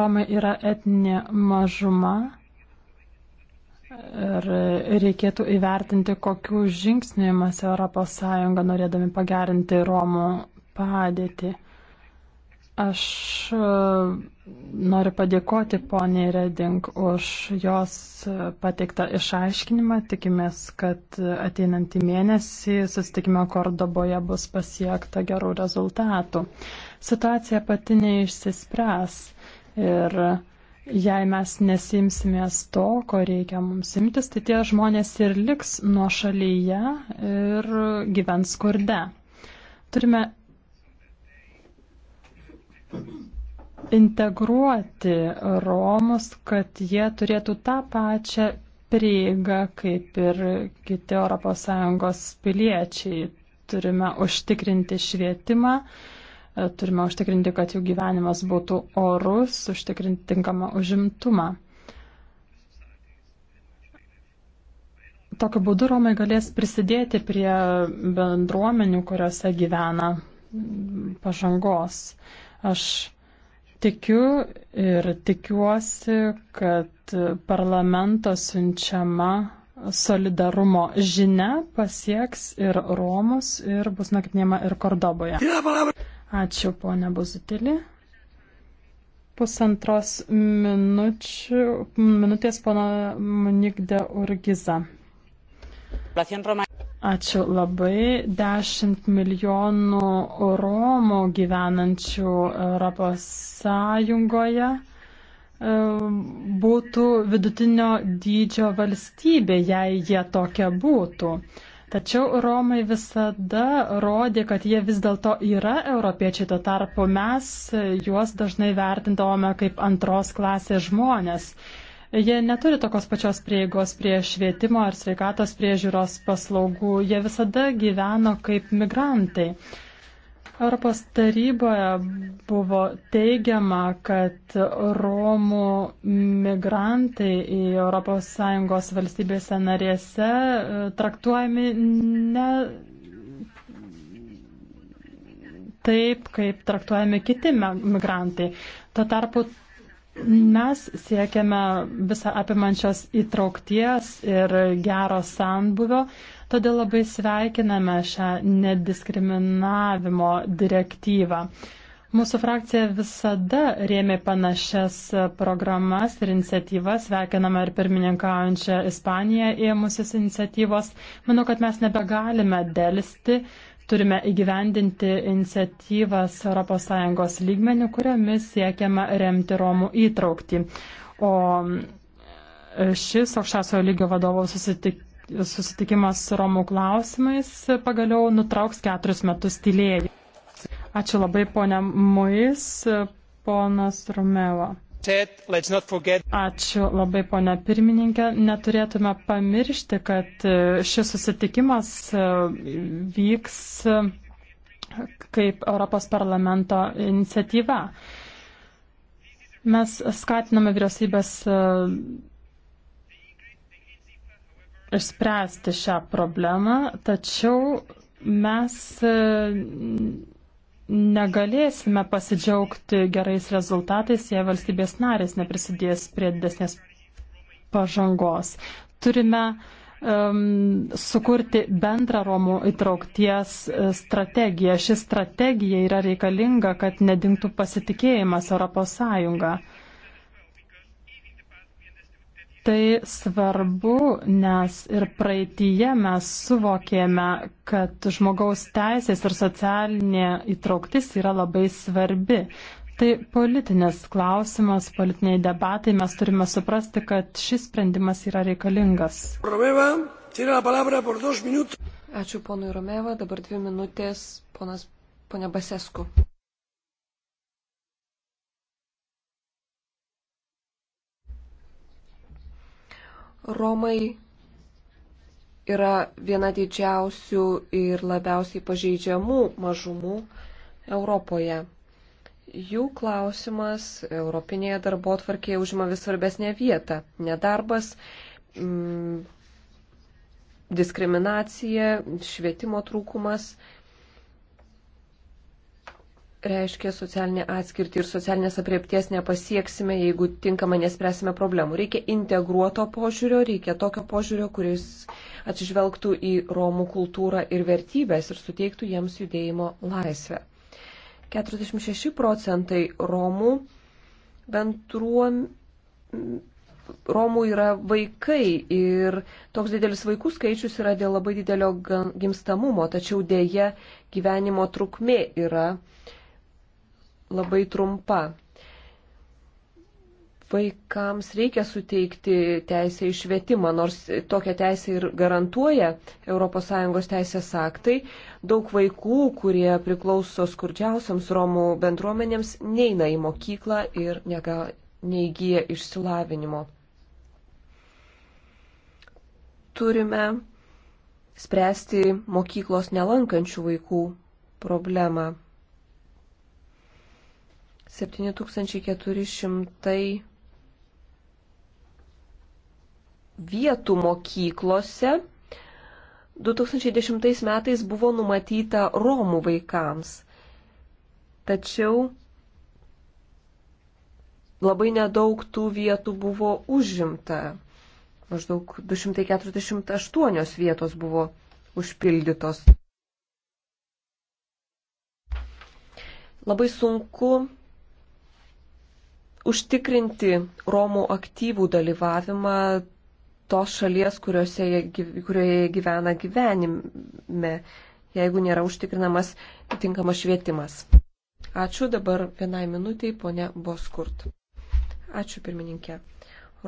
S4: Romai yra etinė mažuma Ir reikėtų įvertinti, kokiu žingsniu imasi ES norėdami pagerinti Romų padėtį. Aš e, noriu padėkoti poniai Reding už jos pateiktą išaiškinimą. Tikimės, kad ateinantį mėnesį susitikime Kordoboje bus pasiekta gerų rezultatų. Situacija pati neišsispręs ir Jei mes nesimsimės to, ko reikia mums imtis, tai tie žmonės ir liks nuo šalyje ir gyvens skurde. Turime integruoti Romus, kad jie turėtų tą pačią prieigą kaip ir kiti ES piliečiai. Turime užtikrinti švietimą, E, turime užtikrinti, kad jų gyvenimas būtų orus, užtikrinti tinkamą užimtumą. Tokiu būdu Romai galės prisidėti prie bendruomenių, kuriuose gyvena pažangos. Aš tikiu ir tikiuosi, kad parlamento siunčiama solidarumo žinia pasieks ir Romus ir bus nagrinėjama ir Kordoboje. Ačiū, ponia Buzutilė. Pusantros minučių, minutės pono Munikde Urgiza. Ačiū labai. 10 milijonų Romų gyvenančių Europos Sąjungoje e, būtų vidutinio dydžio valstybė, jei jie tokia būtų. Tačiau Romai visada rodė, kad jie vis dėlto yra europiečiai, tuo tarpu mes juos dažnai vertindavome kaip antros klasės žmonės. Jie neturi tokios pačios prieigos prie švietimo ar sveikatos priežiūros paslaugų, jie visada gyveno kaip migrantai. Europos taryboje buvo teigiama, kad Romų migrantai į ES valstybėse narėse e, traktuojami ne taip, kaip traktuojami kiti migrantai. Tuo tarpu mes siekiame visą apimančios įtraukties ir gero sambuvio, Todėl labai sveikiname šią nediskriminavimo direktyvą. Mūsų frakcija visada rėmė panašias programas ir iniciatyvas, sveikiname ir pirmininkaujančią Ispaniją ėmusius iniciatyvos. Manau, kad mes nebegalime dėlsti, turime įgyvendinti iniciatyvas ES lygmenių, kuriomis siekiama remti Romų įtraukti. O šis aukščiausio lygio vadovo susitikimas susitikimas Romų klausimais pagaliau nutrauks keturis metus tylėjai. Ačiū labai, ponia Muis, ponas Romeva.
S3: Ačiū
S4: labai, ponia pirmininkė. Neturėtume pamiršti, kad šis susitikimas vyks kaip Europos parlamento iniciatyva. Mes skatiname vyriausybės išspręsti šią problemą, tačiau mes e, negalėsime pasidžiaugti gerais rezultatais, jei valstybės narės neprisidės prie didesnės pažangos. Turime um, sukurti bendrą Romų įtraukties e, strategiją. Ši strategija yra reikalinga, kad nedingtų pasitikėjimas Europos Sąjunga. Tai svarbu, nes ir praeitįje mes suvokėme, kad žmogaus teisės ir socialinė įtrauktis yra labai svarbi. Tai politinės klausimas, politiniai debatai, mes turime suprasti, kad šis sprendimas yra reikalingas.
S5: Ačiū ponui Romeva, dabar dvi minutės ponas, ponia Basesku. Romai yra viena didžiausių ir labiausiai pažeidžiamų mažumų Europoje. Jų klausimas Europinėje darbo atvarkėje užima vis svarbesnė vietą. Nedarbas, m, mm, diskriminacija, švietimo trūkumas reiškia socialinę atskirtį ir socialinės apriepties nepasieksime, jeigu tinkamai nespręsime problemų. Reikia integruoto požiūrio, reikia tokio požiūrio, kuris atsižvelgtų į Romų kultūrą ir vertybės ir suteiktų jiems judėjimo laisvę. 46 procentai Romų bendruom. Romų yra vaikai ir toks didelis vaikų skaičius yra dėl labai didelio gimstamumo, tačiau dėja gyvenimo trukmė yra uh, labai trumpa. Vaikams reikia suteikti teisę į švietimą, nors tokią teisę ir garantuoja ES teisės aktai. Daug vaikų, kurie priklauso skurdžiausiams Romų bendruomenėms, neina į mokyklą ir nega, neįgyja išsilavinimo. Turime spręsti mokyklos nelankančių vaikų problemą. 7400 vietų mokyklose 2010 metais buvo numatyta Romų vaikams. Tačiau labai nedaug tų vietų buvo užimta. Maždaug 248 vietos buvo užpildytos. Labai sunku užtikrinti Romų aktyvų dalyvavimą tos šalies, jie, kurioje jie gyvena gyvenime, jeigu nėra užtikrinamas tinkamas švietimas. Ačiū dabar vienai minutiai, ponė Boskurt. Ačiū pirmininkė.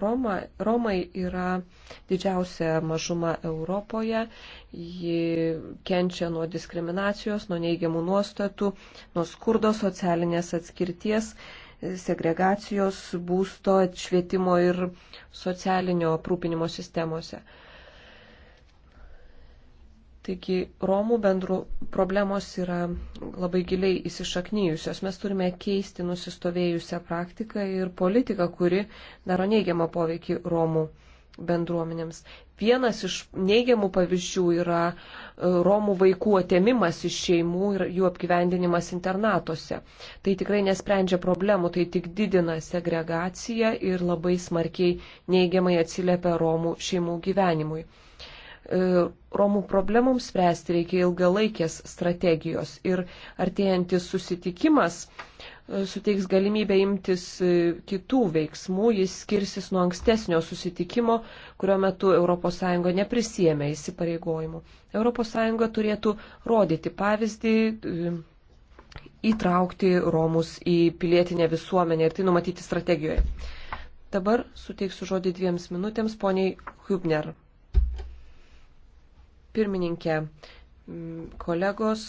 S5: Roma, Romai yra didžiausia mažuma Europoje, ji kenčia nuo diskriminacijos, nuo neigiamų nuostatų, nuo skurdo socialinės atskirties segregacijos būsto, švietimo ir socialinio aprūpinimo sistemose. Taigi Romų bendrų problemos yra labai giliai įsišaknyjusios. Mes turime keisti nusistovėjusią praktiką ir politiką, kuri daro neigiamą poveikį Romų bendruomenėms. Vienas iš neigiamų pavyzdžių yra e, Romų vaikų atėmimas iš šeimų ir jų apgyvendinimas internatuose. Tai tikrai nesprendžia problemų, tai tik didina segregaciją ir labai smarkiai neigiamai atsiliepia Romų šeimų gyvenimui. E, Romų problemoms spręsti reikia ilgalaikės strategijos ir artėjantis susitikimas suteiks galimybę imtis e, kitų veiksmų, jis skirsis nuo ankstesnio susitikimo, kurio metu ES neprisėmė įsipareigojimų. ES turėtų rodyti pavyzdį, e, įtraukti Romus į pilietinę visuomenę ir tai numatyti strategijoje. Dabar suteiksiu žodį dviems minutėms poniai Hübner. Pirmininkė, kolegos,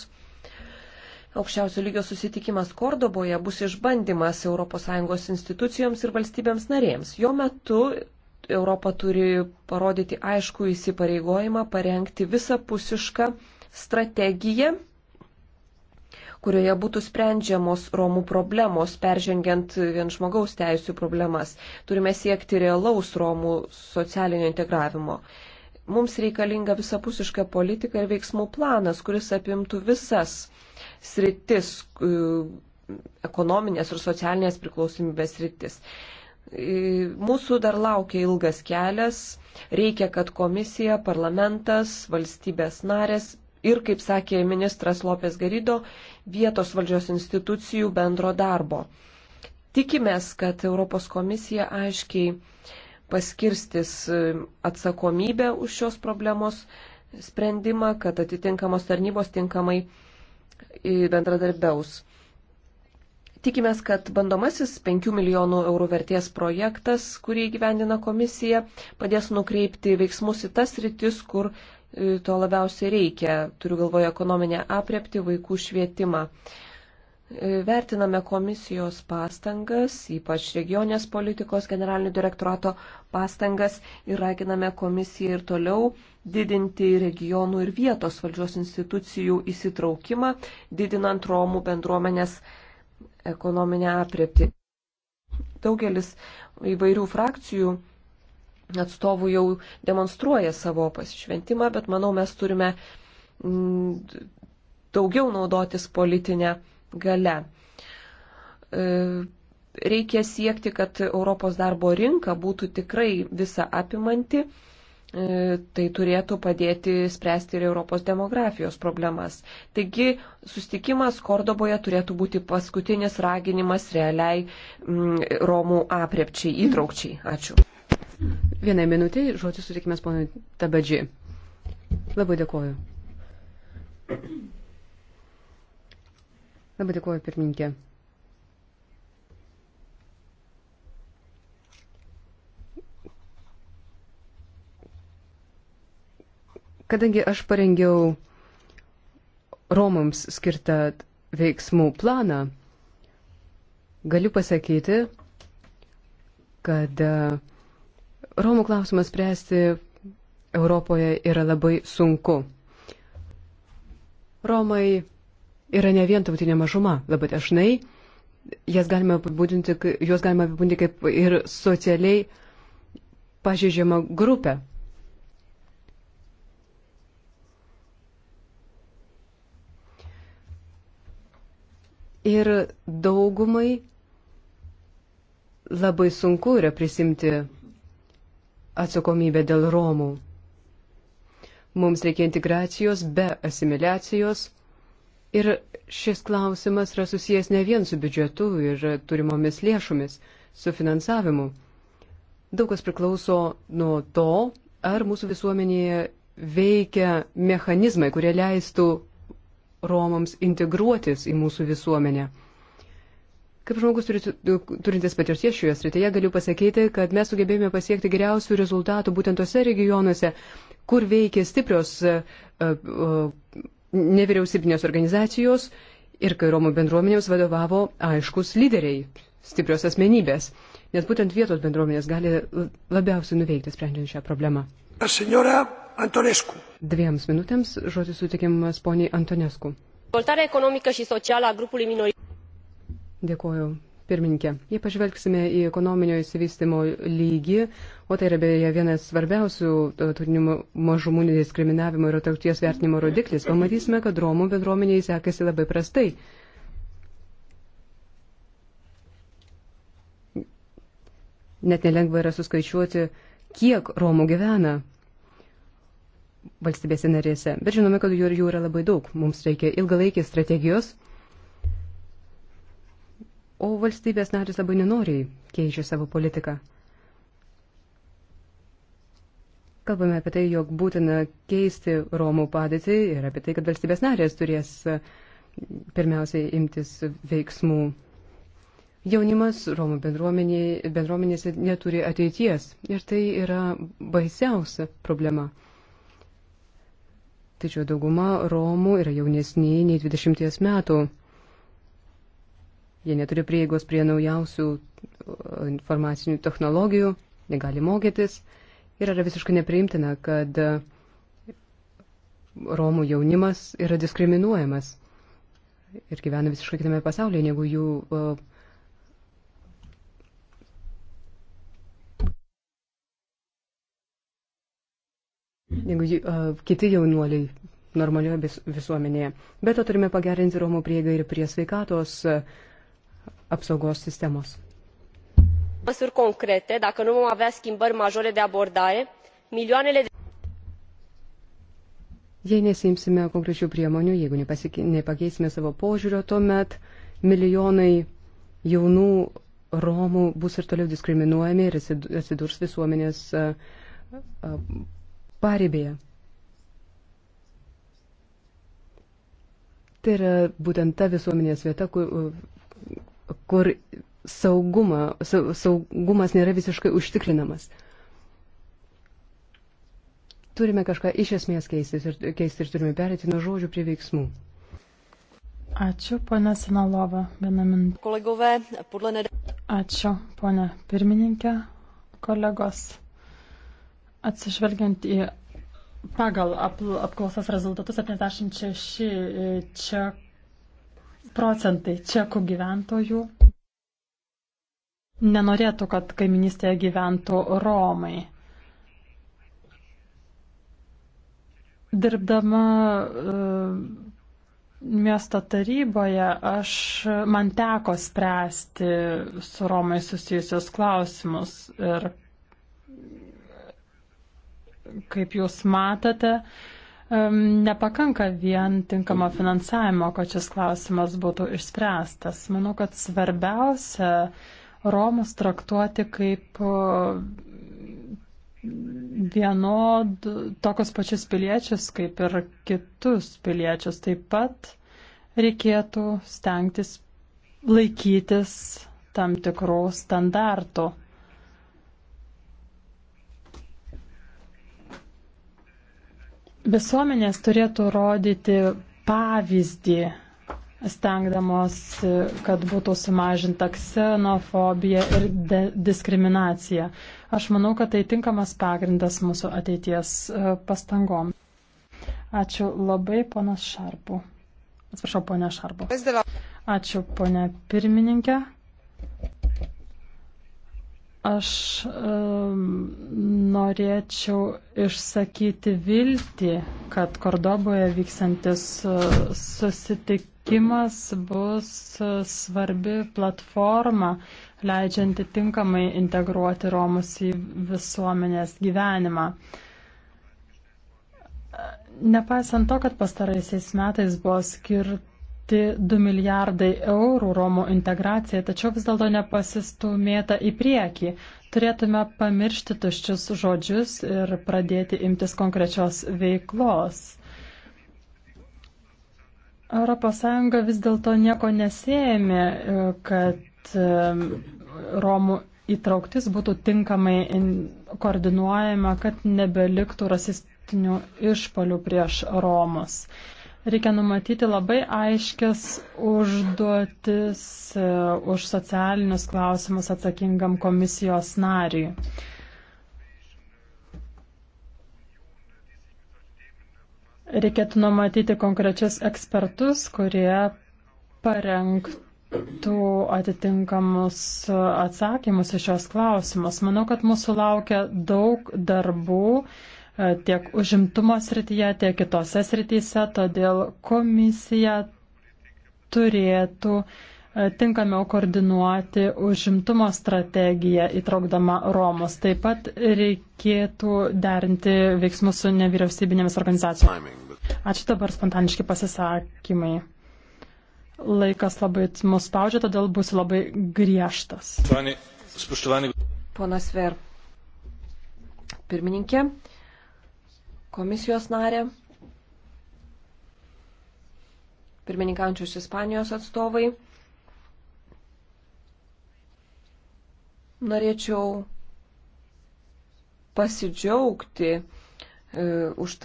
S5: Aukščiausio lygio susitikimas Kordoboje bus išbandymas ES institucijoms ir valstybėms narėms. Jo metu Europa turi parodyti aišku įsipareigojimą parengti visapusišką strategiją, kurioje būtų sprendžiamos Romų problemos, peržengiant vien žmogaus teisų problemas. Turime siekti realaus Romų socialinio integravimo mums reikalinga visapusiška politika ir veiksmų planas, kuris apimtų visas sritis, e, ekonominės ir socialinės priklausomybės sritis. E, mūsų dar laukia ilgas kelias, reikia, kad komisija, parlamentas, valstybės narės ir, kaip sakė ministras Lopės Garido, vietos valdžios institucijų bendro darbo. Tikimės, kad Europos komisija aiškiai paskirstys e, atsakomybę už šios problemos sprendimą, kad atitinkamos tarnybos tinkamai bendradarbiaus. Tikimės, kad bandomasis 5 milijonų eurų vertės projektas, kurį gyvendina komisija, padės nukreipti veiksmus į tas rytis, kur e, to labiausiai reikia. Turiu galvoje ekonominę apriepti, vaikų švietimą. Vertiname komisijos pastangas, ypač regionės politikos generalinio direktorato pastangas ir raginame komisiją ir toliau didinti regionų ir vietos valdžios institucijų įsitraukimą, didinant Romų bendruomenės ekonominę apriepti. Daugelis įvairių frakcijų atstovų jau demonstruoja savo pasišventimą, bet manau mes turime mm, daugiau naudotis politinę gale. E, reikia siekti, kad Europos darbo rinka būtų tikrai visa apimanti. E, tai turėtų padėti spręsti ir Europos demografijos problemas. Taigi, sustikimas Kordoboje turėtų būti paskutinis raginimas realiai m,
S6: mm, Romų apriepčiai, įtraukčiai. Ačiū. Vienai minutiai žodžiu sutikime ponui Tabadžiui. Labai dėkoju. Labai dėkuoju, pirmininkė. Kadangi aš parengiau Romams skirtą veiksmų planą, galiu pasakyti, kad e, Romų klausimas spręsti Europoje yra labai sunku. Romai yra ne vien tautinė mažuma, labai dažnai jas galima apibūdinti, juos galima apibūdinti kaip ir socialiai pažeidžiama grupė. Ir daugumai labai sunku yra prisimti atsakomybę dėl Romų. Mums reikia integracijos be asimiliacijos Ir šis klausimas yra susijęs ne vien su biudžetu ir turimomis lėšomis, su finansavimu. Daug kas priklauso nuo to, ar mūsų visuomenėje veikia mechanizmai, kurie leistų Romams integruotis į mūsų visuomenę. Kaip žmogus turintis patirties šioje srityje, galiu pasakyti, kad mes sugebėjome pasiekti geriausių rezultatų būtent tose regionuose, kur veikia stiprios uh, uh, nevyriausybinės organizacijos ir kai Romų bendruomenėms vadovavo aiškus lyderiai, stiprios asmenybės. Nes būtent vietos bendruomenės gali labiausiai nuveikti sprendžiant šią problemą. Dviems minutėms žodis sutikimas poniai Antonescu. Dėkoju, Pirmininkė, jei pažvelgsime į ekonominio įsivystimo lygį, o tai yra beje vienas svarbiausių turinimų mažumų nediskriminavimo ir atrakties vertinimo rodiklis, pamatysime, kad Romų bendruomeniai sekasi labai prastai. Net nelengva yra suskaičiuoti, kiek Romų gyvena valstybėse narėse. Bet žinome, kad jų ir jų yra labai daug. Mums reikia ilgalaikės strategijos o valstybės narės labai nenoriai keičia savo politiką. Kalbame apie tai, jog būtina keisti Romų padėtį ir apie tai, kad valstybės narės turės mm, pirmiausiai imtis veiksmų. Jaunimas Romų bendruomenėse neturi ateities ir tai yra baisiausia problema. Tačiau dauguma Romų yra jaunesni nei 20 metų jie neturi prieigos prie naujausių uh, informacinių technologijų, negali mokytis. Ir yra visiškai nepriimtina, kad uh, Romų jaunimas yra diskriminuojamas ir gyvena visiškai kitame pasaulyje, negu jų uh, negu uh, kiti jaunuoliai normalioje visuomenėje. Bet to turime pagerinti Romų prieigą ir prie sveikatos. Uh, apsaugos sistemos.
S5: Măsuri concrete, dacă nu vom avea schimbări majore de abordare, milioanele
S6: de. Jei nesimsime konkrečių priemonių, jeigu nepasik... nepakeisime savo požiūrio, tuomet milijonai jaunų Romų bus ir toliau diskriminuojami ir atsidurs visuomenės paribėje. Tai yra būtent ta visuomenės vieta, kur, kur sauguma, saugumas nėra visiškai užtikrinamas. Turime kažką iš esmės keisti ir, keisti ir turime perėti nuo žodžių prie veiksmų.
S4: Ačiū, ponė Sinalova, vieną minutę.
S6: Kolegove, podle ned...
S4: Ačiū, ponė pirmininkė, kolegos. Atsižvelgiant į pagal apklausas rezultatus, 76 e, čekų procentai čekų gyventojų nenorėtų, kad kaiminystėje gyventų Romai. Dirbdama e, miesto taryboje aš, man teko spręsti su Romai susijusius klausimus ir kaip jūs matote, uh, Nepakanka vien tinkamo finansavimo, kad šis klausimas būtų išspręstas. Manau, kad svarbiausia Romus traktuoti kaip vienod tokius pačius piliečius, kaip ir kitus piliečius. Taip pat reikėtų stengtis laikytis tam tikrų standartų. Visuomenės turėtų rodyti pavyzdį, stengdamos, kad būtų sumažinta ksenofobija ir diskriminacija. Aš manau, kad tai tinkamas pagrindas mūsų ateities e, pastangom. Ačiū labai, ponas Šarpu. Atsiprašau, ponė Šarpu. Ačiū, ponė pirmininkė. Aš um, norėčiau išsakyti viltį, kad Kordoboje vyksantis e, susitikimas bus e, svarbi platforma, leidžianti tinkamai integruoti Romus į visuomenės gyvenimą. Nepaisant to, kad pastaraisiais metais buvo skirta skirti 2 milijardai eurų Romų integracijai, tačiau vis dėlto nepasistumėta į priekį. Turėtume pamiršti tuščius žodžius ir pradėti imtis konkrečios veiklos. ES vis dėlto nieko nesėmė, kad e, Romų įtrauktis būtų tinkamai koordinuojama, kad nebeliktų rasistinių išpolių prieš Romus reikia numatyti labai aiškias užduotis e, už socialinius klausimus atsakingam komisijos nariui. Reikėtų numatyti konkrečius ekspertus, kurie parengtų atitinkamus atsakymus iš šios klausimus. Manau, kad mūsų laukia daug darbų tiek užimtumo srityje, tiek kitose srityse, todėl komisija turėtų e, tinkamiau koordinuoti užimtumo strategiją įtraukdama Romus. Taip pat reikėtų derinti veiksmus su nevyriausybinėmis organizacijomis. Ačiū dabar spontaniški pasisakymai. Laikas labai mus spaudžia, todėl būsiu labai griežtas. Ponas Ver, pirmininkė,
S5: komisijos narė, pirmininkaujančius Ispanijos atstovai. Norėčiau pasidžiaugti e, už,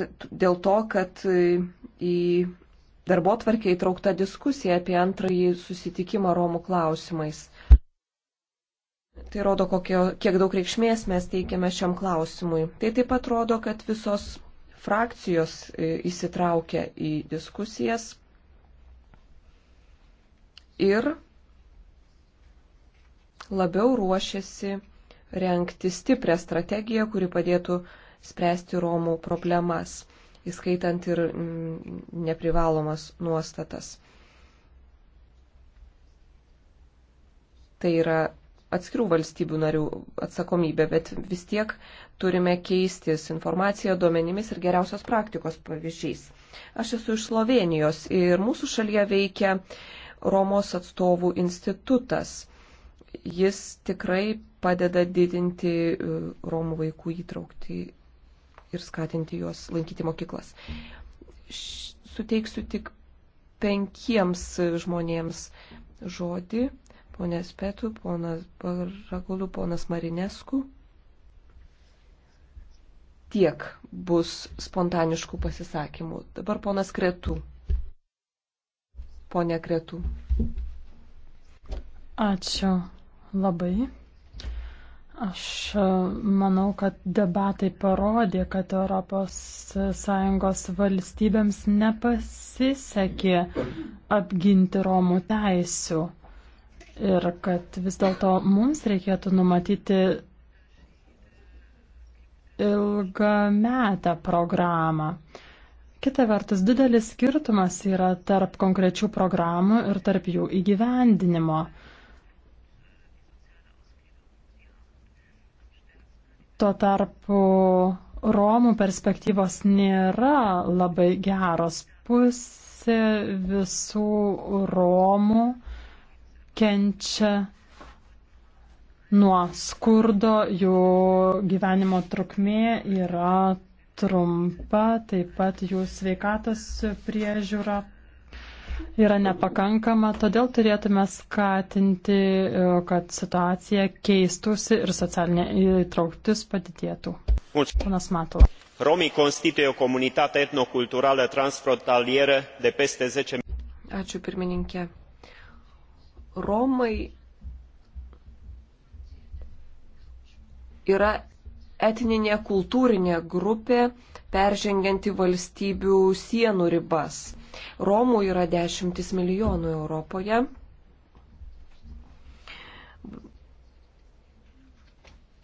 S5: dėl to, kad e, į darbo tvarkę įtraukta diskusija apie antrąjį susitikimą Romų klausimais. Tai rodo, kokio, kiek daug reikšmės mes teikiame šiam klausimui. Tai taip pat rodo, kad visos frakcijos e, įsitraukia į diskusijas ir labiau ruošiasi renkti stiprią strategiją, kuri padėtų spręsti Romų problemas, įskaitant ir mm, neprivalomas nuostatas. Tai yra atskirų valstybių narių atsakomybė, bet vis tiek turime keistis informaciją, duomenimis ir geriausios praktikos pavyzdžiais. Aš esu iš Slovenijos ir mūsų šalyje veikia Romos atstovų institutas. Jis tikrai padeda didinti e, Romų vaikų įtraukti ir skatinti juos lankyti mokyklas. Suteiksiu tik penkiems žmonėms žodį. Ponės Petų, ponas Paragulių, ponas Marinesku tiek bus spontaniškų pasisakymų. Dabar ponas Kretų. Pone Kretų.
S4: Ačiū labai. Aš e, manau, kad debatai parodė, kad ES valstybėms nepasisekė apginti Romų teisių ir kad vis dėlto mums reikėtų numatyti ilgametę programą. Kita vertus, didelis skirtumas yra tarp konkrečių programų ir tarp jų įgyvendinimo. Tuo tarpu Romų perspektyvos nėra labai geros. Pusė visų Romų kenčia nuo skurdo, jų gyvenimo trukmė yra trumpa, taip pat jų sveikatos priežiūra yra nepakankama, todėl turėtume skatinti, e, kad situacija keistųsi ir socialinė įtrauktis padidėtų. Panas Matula.
S6: Romii constituie o comunitate etnoculturală transfrontalieră de peste 10
S5: Ačiū pirmininkė. Romai yra etninė kultūrinė grupė, peržengianti valstybių sienų ribas. Romų yra dešimtis milijonų Europoje.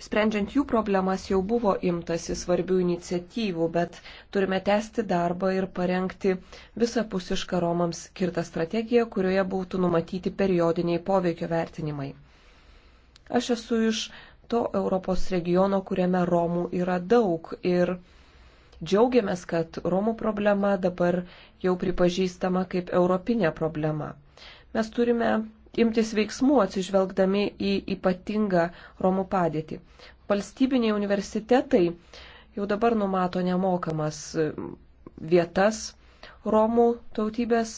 S5: Sprendžiant jų problemas jau buvo imtasi svarbių iniciatyvų, bet turime tęsti darbą ir parengti visapusišką Romams skirtą strategiją, kurioje būtų numatyti periodiniai poveikio vertinimai. Aš esu iš to Europos regiono, kuriame Romų yra daug. Ir džiaugiamės, kad Romų problema dabar jau pripažįstama kaip europinė problema. Mes turime imtis veiksmų atsižvelgdami į ypatingą Romų padėtį. Valstybiniai universitetai jau dabar numato nemokamas vietas Romų tautybės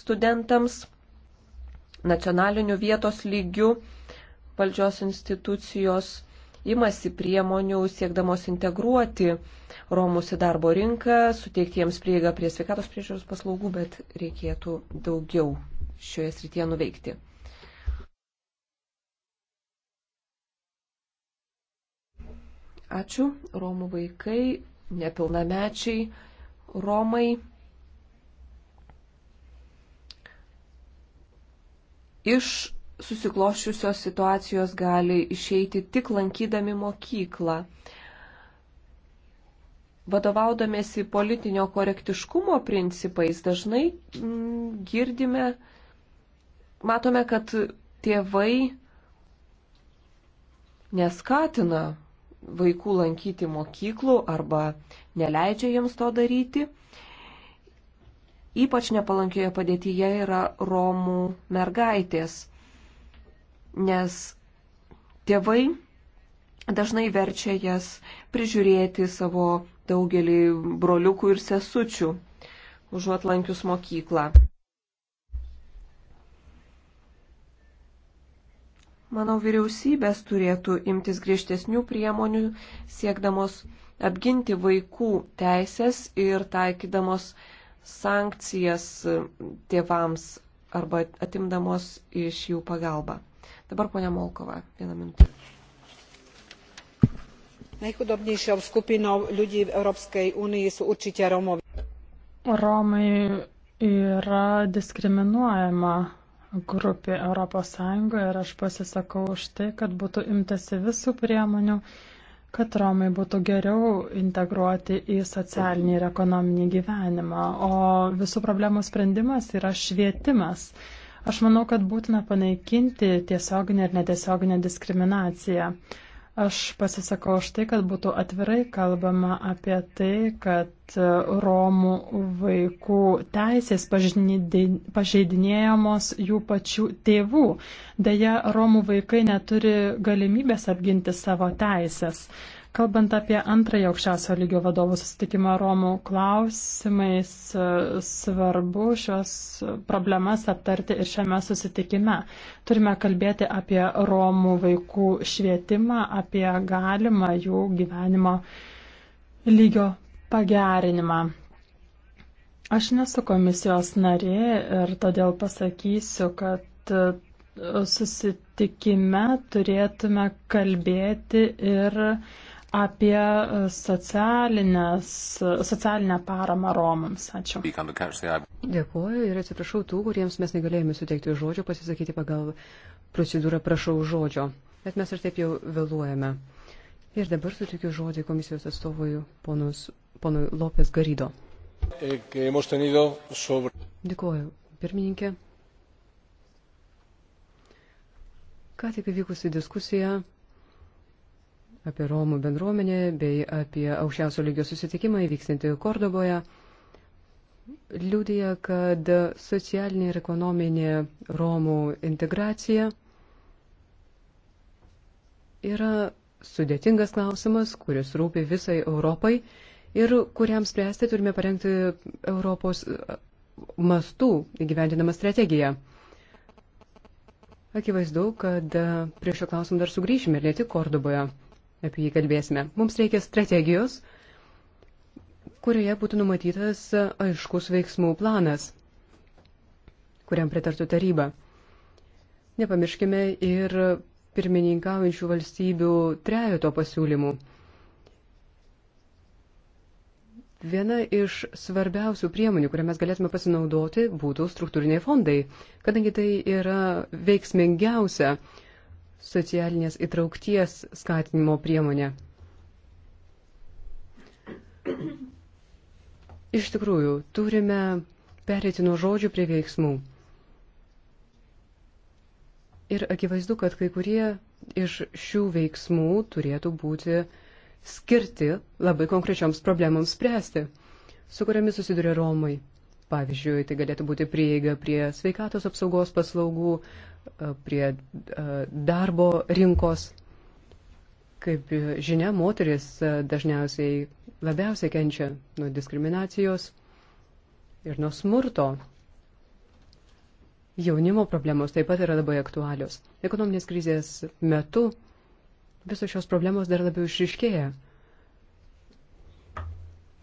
S5: studentams nacionaliniu vietos lygiu valdžios institucijos imasi priemonių siekdamos integruoti Romus į darbo rinką, suteikti jiems prieigą prie sveikatos priežiūros paslaugų, bet reikėtų daugiau šioje srityje nuveikti. Ačiū. Romų vaikai, nepilnamečiai, Romai. Iš susikloščiusios situacijos gali išeiti tik lankydami mokyklą. Vadovaudomėsi politinio korektiškumo principais dažnai mm, girdime, matome, kad tėvai neskatina vaikų lankyti mokyklų arba neleidžia jiems to daryti. Ypač nepalankioje padėtyje yra Romų mergaitės nes tėvai dažnai verčia jas prižiūrėti savo daugelį broliukų ir sesučių, užuot lankius mokyklą. Manau, vyriausybės turėtų imtis griežtesnių priemonių, siekdamos apginti vaikų teisės ir taikydamos sankcijas tėvams arba atimdamos iš jų pagalbą. Dabar ponia Molkova,
S4: vieną
S6: minutę.
S3: Najchudobnejšou skupinou ľudí v
S6: Európskej únii sú určite Rómovi.
S4: Romai yra diskriminuojama grupė ES ir aš pasisakau už tai, kad būtų imtasi visų priemonių, kad Romai būtų geriau integruoti į socialinį ir ekonominį gyvenimą. O visų problemų sprendimas yra švietimas. Aš manau, kad būtina panaikinti tiesioginę ir netiesioginę diskriminaciją. Aš pasisakau už tai, kad būtų atvirai kalbama apie tai, kad e, Romų vaikų teisės pažeidinėjamos jų pačių tėvų. Deja, Romų vaikai neturi galimybės apginti savo teisės. Kalbant apie antrąją aukščiausio lygio vadovų susitikimą Romų klausimais, e, svarbu šios problemas aptarti ir šiame susitikime. Turime kalbėti apie Romų vaikų švietimą, apie galimą jų gyvenimo lygio pagerinimą. Aš nesu komisijos narė ir todėl pasakysiu, kad e, susitikime turėtume kalbėti ir apie e, socialinę paramą Romams. Ačiū. Dėkuoju ir atsiprašau
S6: tų, kuriems mes negalėjome suteikti žodžio, pasisakyti pagal procedūrą prašau žodžio. Bet mes ir taip jau vėluojame. Ir dabar sutikiu žodį komisijos atstovui ponus, ponui Lopės Garydo. Dėkuoju, pirmininkė. Ką tik vykusi diskusija apie Romų bendruomenę bei apie aukščiausio lygio susitikimą įvykstantį Kordoboje liūdija, kad socialinė ir ekonominė Romų integracija yra sudėtingas klausimas, kuris rūpi visai Europai ir kuriam spręsti turime parengti Europos mastų įgyvendinamą strategiją. Akivaizdu, kad prie šio klausimą dar sugrįšime ir ne tik Kordoboje apie jį kalbėsime. Mums reikia strategijos, kurioje būtų numatytas aiškus veiksmų planas, kuriam pritartų taryba. Nepamirškime ir pirmininkaujančių valstybių trejoto pasiūlymų. Viena iš svarbiausių priemonių, kurią mes galėtume pasinaudoti, būtų struktūriniai fondai, kadangi tai yra veiksmingiausia socialinės įtraukties skatinimo priemonė. Iš tikrųjų, turime perėti nuo žodžių prie veiksmų. Ir akivaizdu, kad kai kurie iš šių veiksmų turėtų būti skirti labai konkrečioms problemams spręsti, su kuriamis susiduria Romai. Pavyzdžiui, tai galėtų būti prieiga prie sveikatos apsaugos paslaugų, e, prie e, darbo rinkos. Kaip žinia, moteris e, dažniausiai labiausiai kenčia nuo diskriminacijos ir nuo smurto. Jaunimo problemos taip pat yra labai aktualios. Ekonominės krizės metu visos šios problemos dar labiau išriškėja.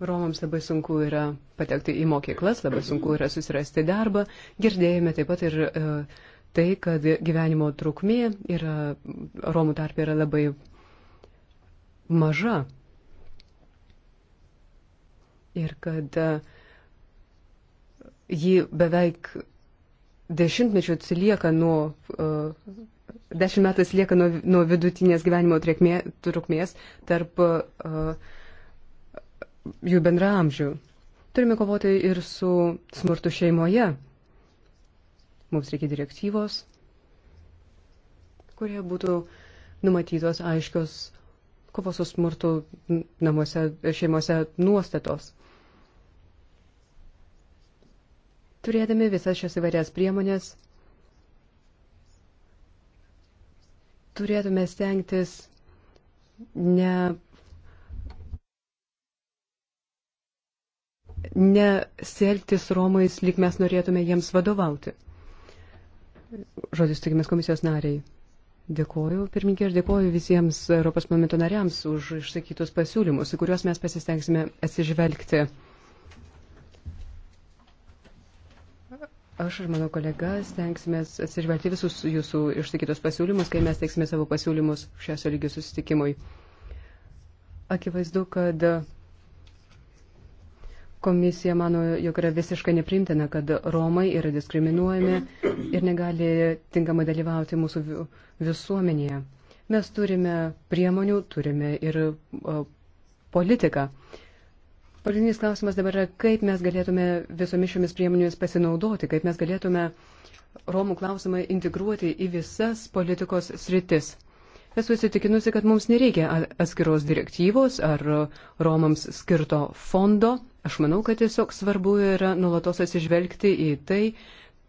S6: Romams labai sunku yra patekti į mokyklas, labai sunku yra susirasti darbą. Girdėjome taip pat ir e, tai, kad gyvenimo trukmė yra, Romų tarp yra labai maža. Ir kad e, ji beveik dešimtmečių atsilieka nuo, e, dešimt metų atsilieka nuo, nuo vidutinės gyvenimo trukmės tarp. E, jų bendramžių. Turime kovoti ir su smurtu šeimoje. Mums reikia direktyvos, kurie būtų numatytos aiškios kovos su smurtu namuose ir šeimose nuostatos. Turėdami visas šias įvairias priemonės, turėtume stengtis ne neselgtis Romais, lyg mes norėtume jiems vadovauti. Žodis tikimės komisijos nariai. Dėkoju, pirmininkė, ir dėkoju visiems Europos momento nariams už išsakytus pasiūlymus, į kuriuos mes pasistengsime atsižvelgti. Aš ir mano kolega stengsimės atsižvelgti visus jūsų išsakytus pasiūlymus, kai mes teiksime savo pasiūlymus šios lygių susitikimui. Akivaizdu, kad Komisija mano, jog yra visiškai neprimtina, kad Romai yra diskriminuojami ir negali tinkamai dalyvauti mūsų visuomenėje. Mes turime priemonių, turime ir o, politiką. Pagrindinis klausimas dabar yra, kaip mes galėtume visomis šiomis priemonėmis pasinaudoti, kaip mes galėtume Romų klausimą integruoti į visas politikos sritis. Esu įsitikinusi, kad mums nereikia atskiros direktyvos ar Romams skirto fondo. Aš manau, kad tiesiog svarbu yra nulatos atsižvelgti į tai,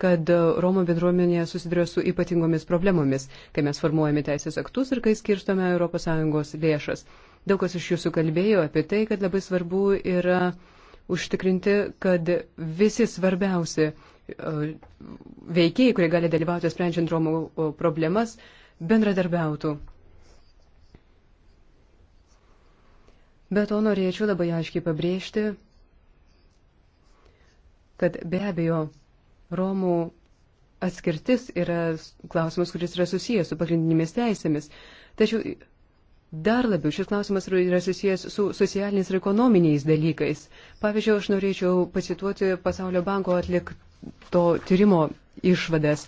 S6: kad Romų bendruomenė susiduria su ypatingomis problemomis, kai mes formuojame teisės aktus ir kai skirstome ES lėšas. Daug kas iš jūsų kalbėjo apie tai, kad labai svarbu yra užtikrinti, kad visi svarbiausi e, veikėjai, kurie gali dalyvauti sprendžiant Romų e, problemas, bendradarbiautų. Be to norėčiau labai aiškiai pabrėžti, kad be abejo Romų atskirtis yra klausimas, kuris yra susijęs su pagrindinėmis teisėmis. Tačiau dar labiau šis klausimas yra susijęs su socialiniais ir ekonominiais dalykais. Pavyzdžiui, aš norėčiau pacituoti Pasaulio banko atlikto tyrimo išvadas,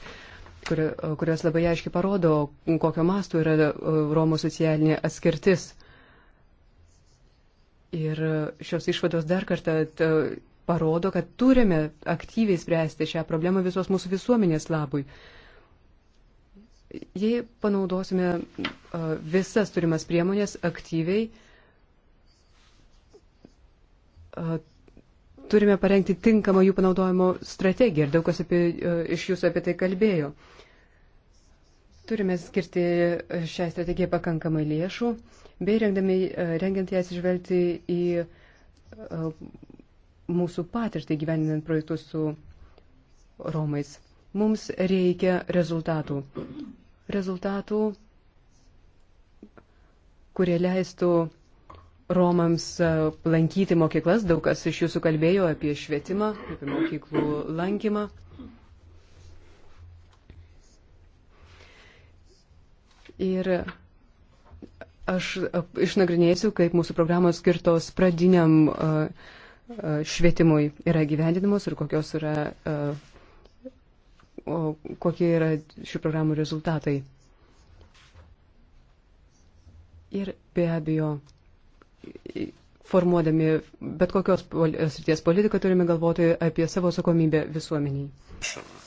S6: kurios labai aiškiai parodo, kokio masto yra e, Romų socialinė atskirtis. Ir šios išvados dar kartą e, parodo, kad turime aktyviai spręsti šią problemą visos mūsų visuomenės labui. Jei panaudosime e, visas turimas priemonės aktyviai, e, turime parengti tinkamą jų panaudojimo strategiją ir daug kas apie, iš jūsų apie tai kalbėjo. Uh, Turime skirti e, šią strategiją pakankamai lėšų, bei rengdami, e, rengiant ją atsižvelgti į e, mūsų patirtį gyveninant projektus su Romais. Mums reikia rezultatų. Rezultatų, kurie leistų Romams lankyti mokyklas, daug kas iš jūsų kalbėjo apie švietimą, apie mokyklų lankymą. Ir aš išnagrinėsiu, kaip mūsų programos skirtos pradiniam švietimui yra gyvendinamos ir kokios yra, kokie yra šių programų rezultatai. Ir be abejo, formuodami bet kokios srities politiką turime galvoti apie savo atsakomybę visuomeniai. Šiandien.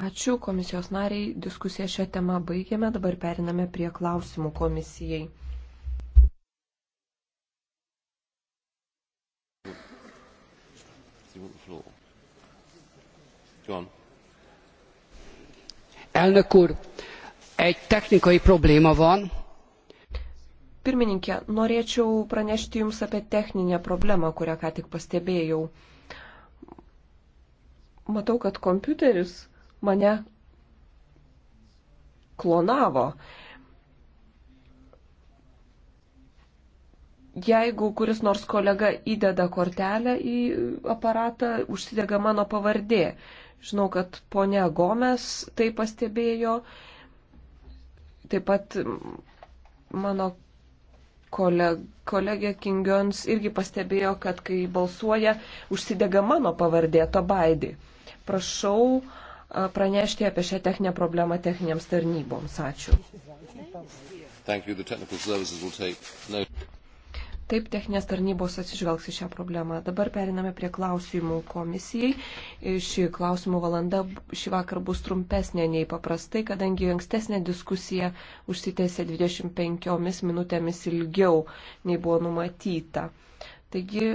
S5: Ačiū komisijos nariai. Diskusiją šią temą baigėme. Dabar periname prie klausimų komisijai.
S6: Elnök úr, egy technikai probléma van.
S5: Pirmininkė, norėčiau pranešti Jums apie techninę problemą, kurią ką tik pastebėjau. Matau, kad kompiuteris mane klonavo. Jeigu kuris nors kolega įdeda kortelę į aparatą, užsidega mano pavardė. Žinau, kad ponia Gomes tai pastebėjo. Taip pat mano kolegė Kingions irgi pastebėjo, kad kai balsuoja, užsidega mano pavardė Tobaidį. Prašau pranešti apie šią techninę problemą techninėms tarnyboms. Ačiū. Taip, techninės tarnybos atsižvelgs į šią problemą. Dabar periname prie klausimų komisijai. Ši klausimų valanda šį vakar bus trumpesnė nei paprastai, kadangi ankstesnė diskusija užsitęsė 25 minutėmis ilgiau nei buvo numatyta. Taigi